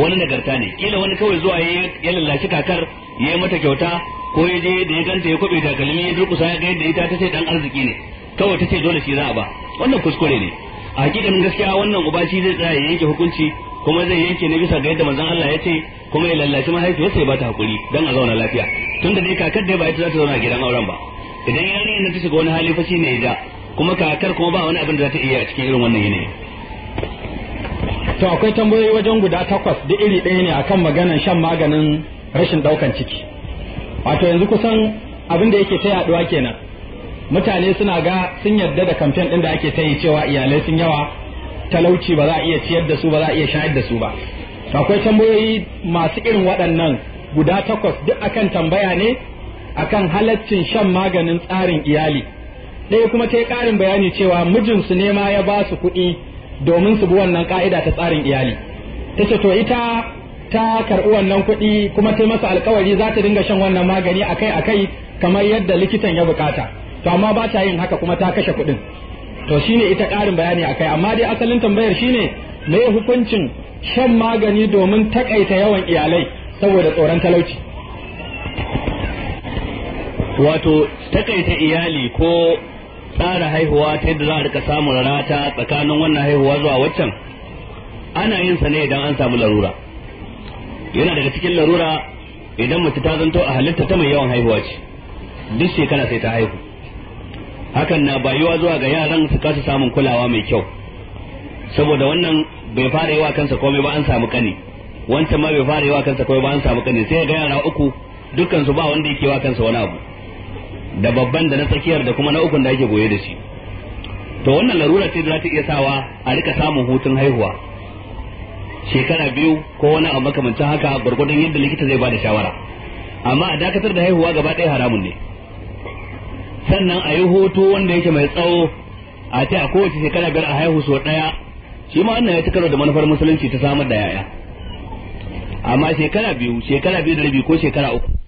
wani nagarta ne kila wani kawai zuwa ya lallashi kakar ya yi mata kyauta ko ya je da ya ganta ya kwabe takalmi ya durkusa ya ga yadda ita ta ce dan arziki ne kawai ta ce dole shi za a ba wannan kuskure ne a hakikanin gaskiya wannan uba shi zai tsaya ya yanke hukunci kuma zai yanke na bisa ga yadda mazan Allah ya ce kuma ya lallashi mahaifiyarsa ya bata hakuri dan a zauna lafiya tunda dai kakar da ba ita za ta zauna gidan auren ba idan yarinya ta shiga wani hali fa shine ya ja kuma kakar kuma ba wani abin da za ta iya a cikin irin wannan yanayi to akwai tambayoyi wajen guda takwas da iri ɗaya ne akan maganan shan maganin rashin ɗaukan ciki wato yanzu kusan abin da yake ta yaduwa kenan mutane suna ga sun yarda da kamfen ɗin da ake ta yi cewa iyalai sun yawa talauci ba za a iya ciyar da su ba za a iya shayar da su ba to akwai tambayoyi masu irin waɗannan guda takwas duk akan tambaya ne akan halaccin shan maganin tsarin iyali ɗaya kuma ta yi ƙarin bayani cewa mijinsu ne ma ya ba su kuɗi domin su bi wannan ƙa'ida ta tsarin iyali ta to ita ta karɓi wannan kuɗi kuma ta masa alkawari za ta dinga shan wannan magani akai akai kamar yadda likitan ya bukata to amma ba ta yin haka kuma ta kashe kuɗin to shine ita ƙarin bayani akai amma dai asalin tambayar shine me hukuncin shan magani domin takaita yawan iyalai saboda tsoron talauci wato takaita iyali ko tsara haihuwa ta yadda za a rika samun ta tsakanin wannan haihuwa zuwa waccan ana yin sa ne idan an samu larura yana daga cikin larura idan mace ta zanto a halitta ta mai yawan haihuwa ce duk shekara sai ta haihu hakan na bayuwa zuwa ga yaran su kasa samun kulawa mai kyau saboda wannan bai fara yawa kansa komai ba an samu kani wancan ma bai fara yawa kansa komai ba an samu kani sai ga yara uku dukkan su ba wanda yake wa kansa wani abu da babban da na tsakiyar da kuma na ukun da yake goye da shi to wannan larura ce da za ta iya sawa a rika samun hutun haihuwa shekara biyu ko wani abu makamancin haka gwargwadon yadda likita zai bada shawara amma a dakatar da haihuwa gaba ɗaya haramun ne sannan a yi hutu wanda yake mai tsawo a ce a kowace shekara biyar a haihu sau ɗaya shi ma wannan ya ci karo da manufar musulunci ta samar da yaya amma shekara biyu shekara biyu da rabi ko shekara uku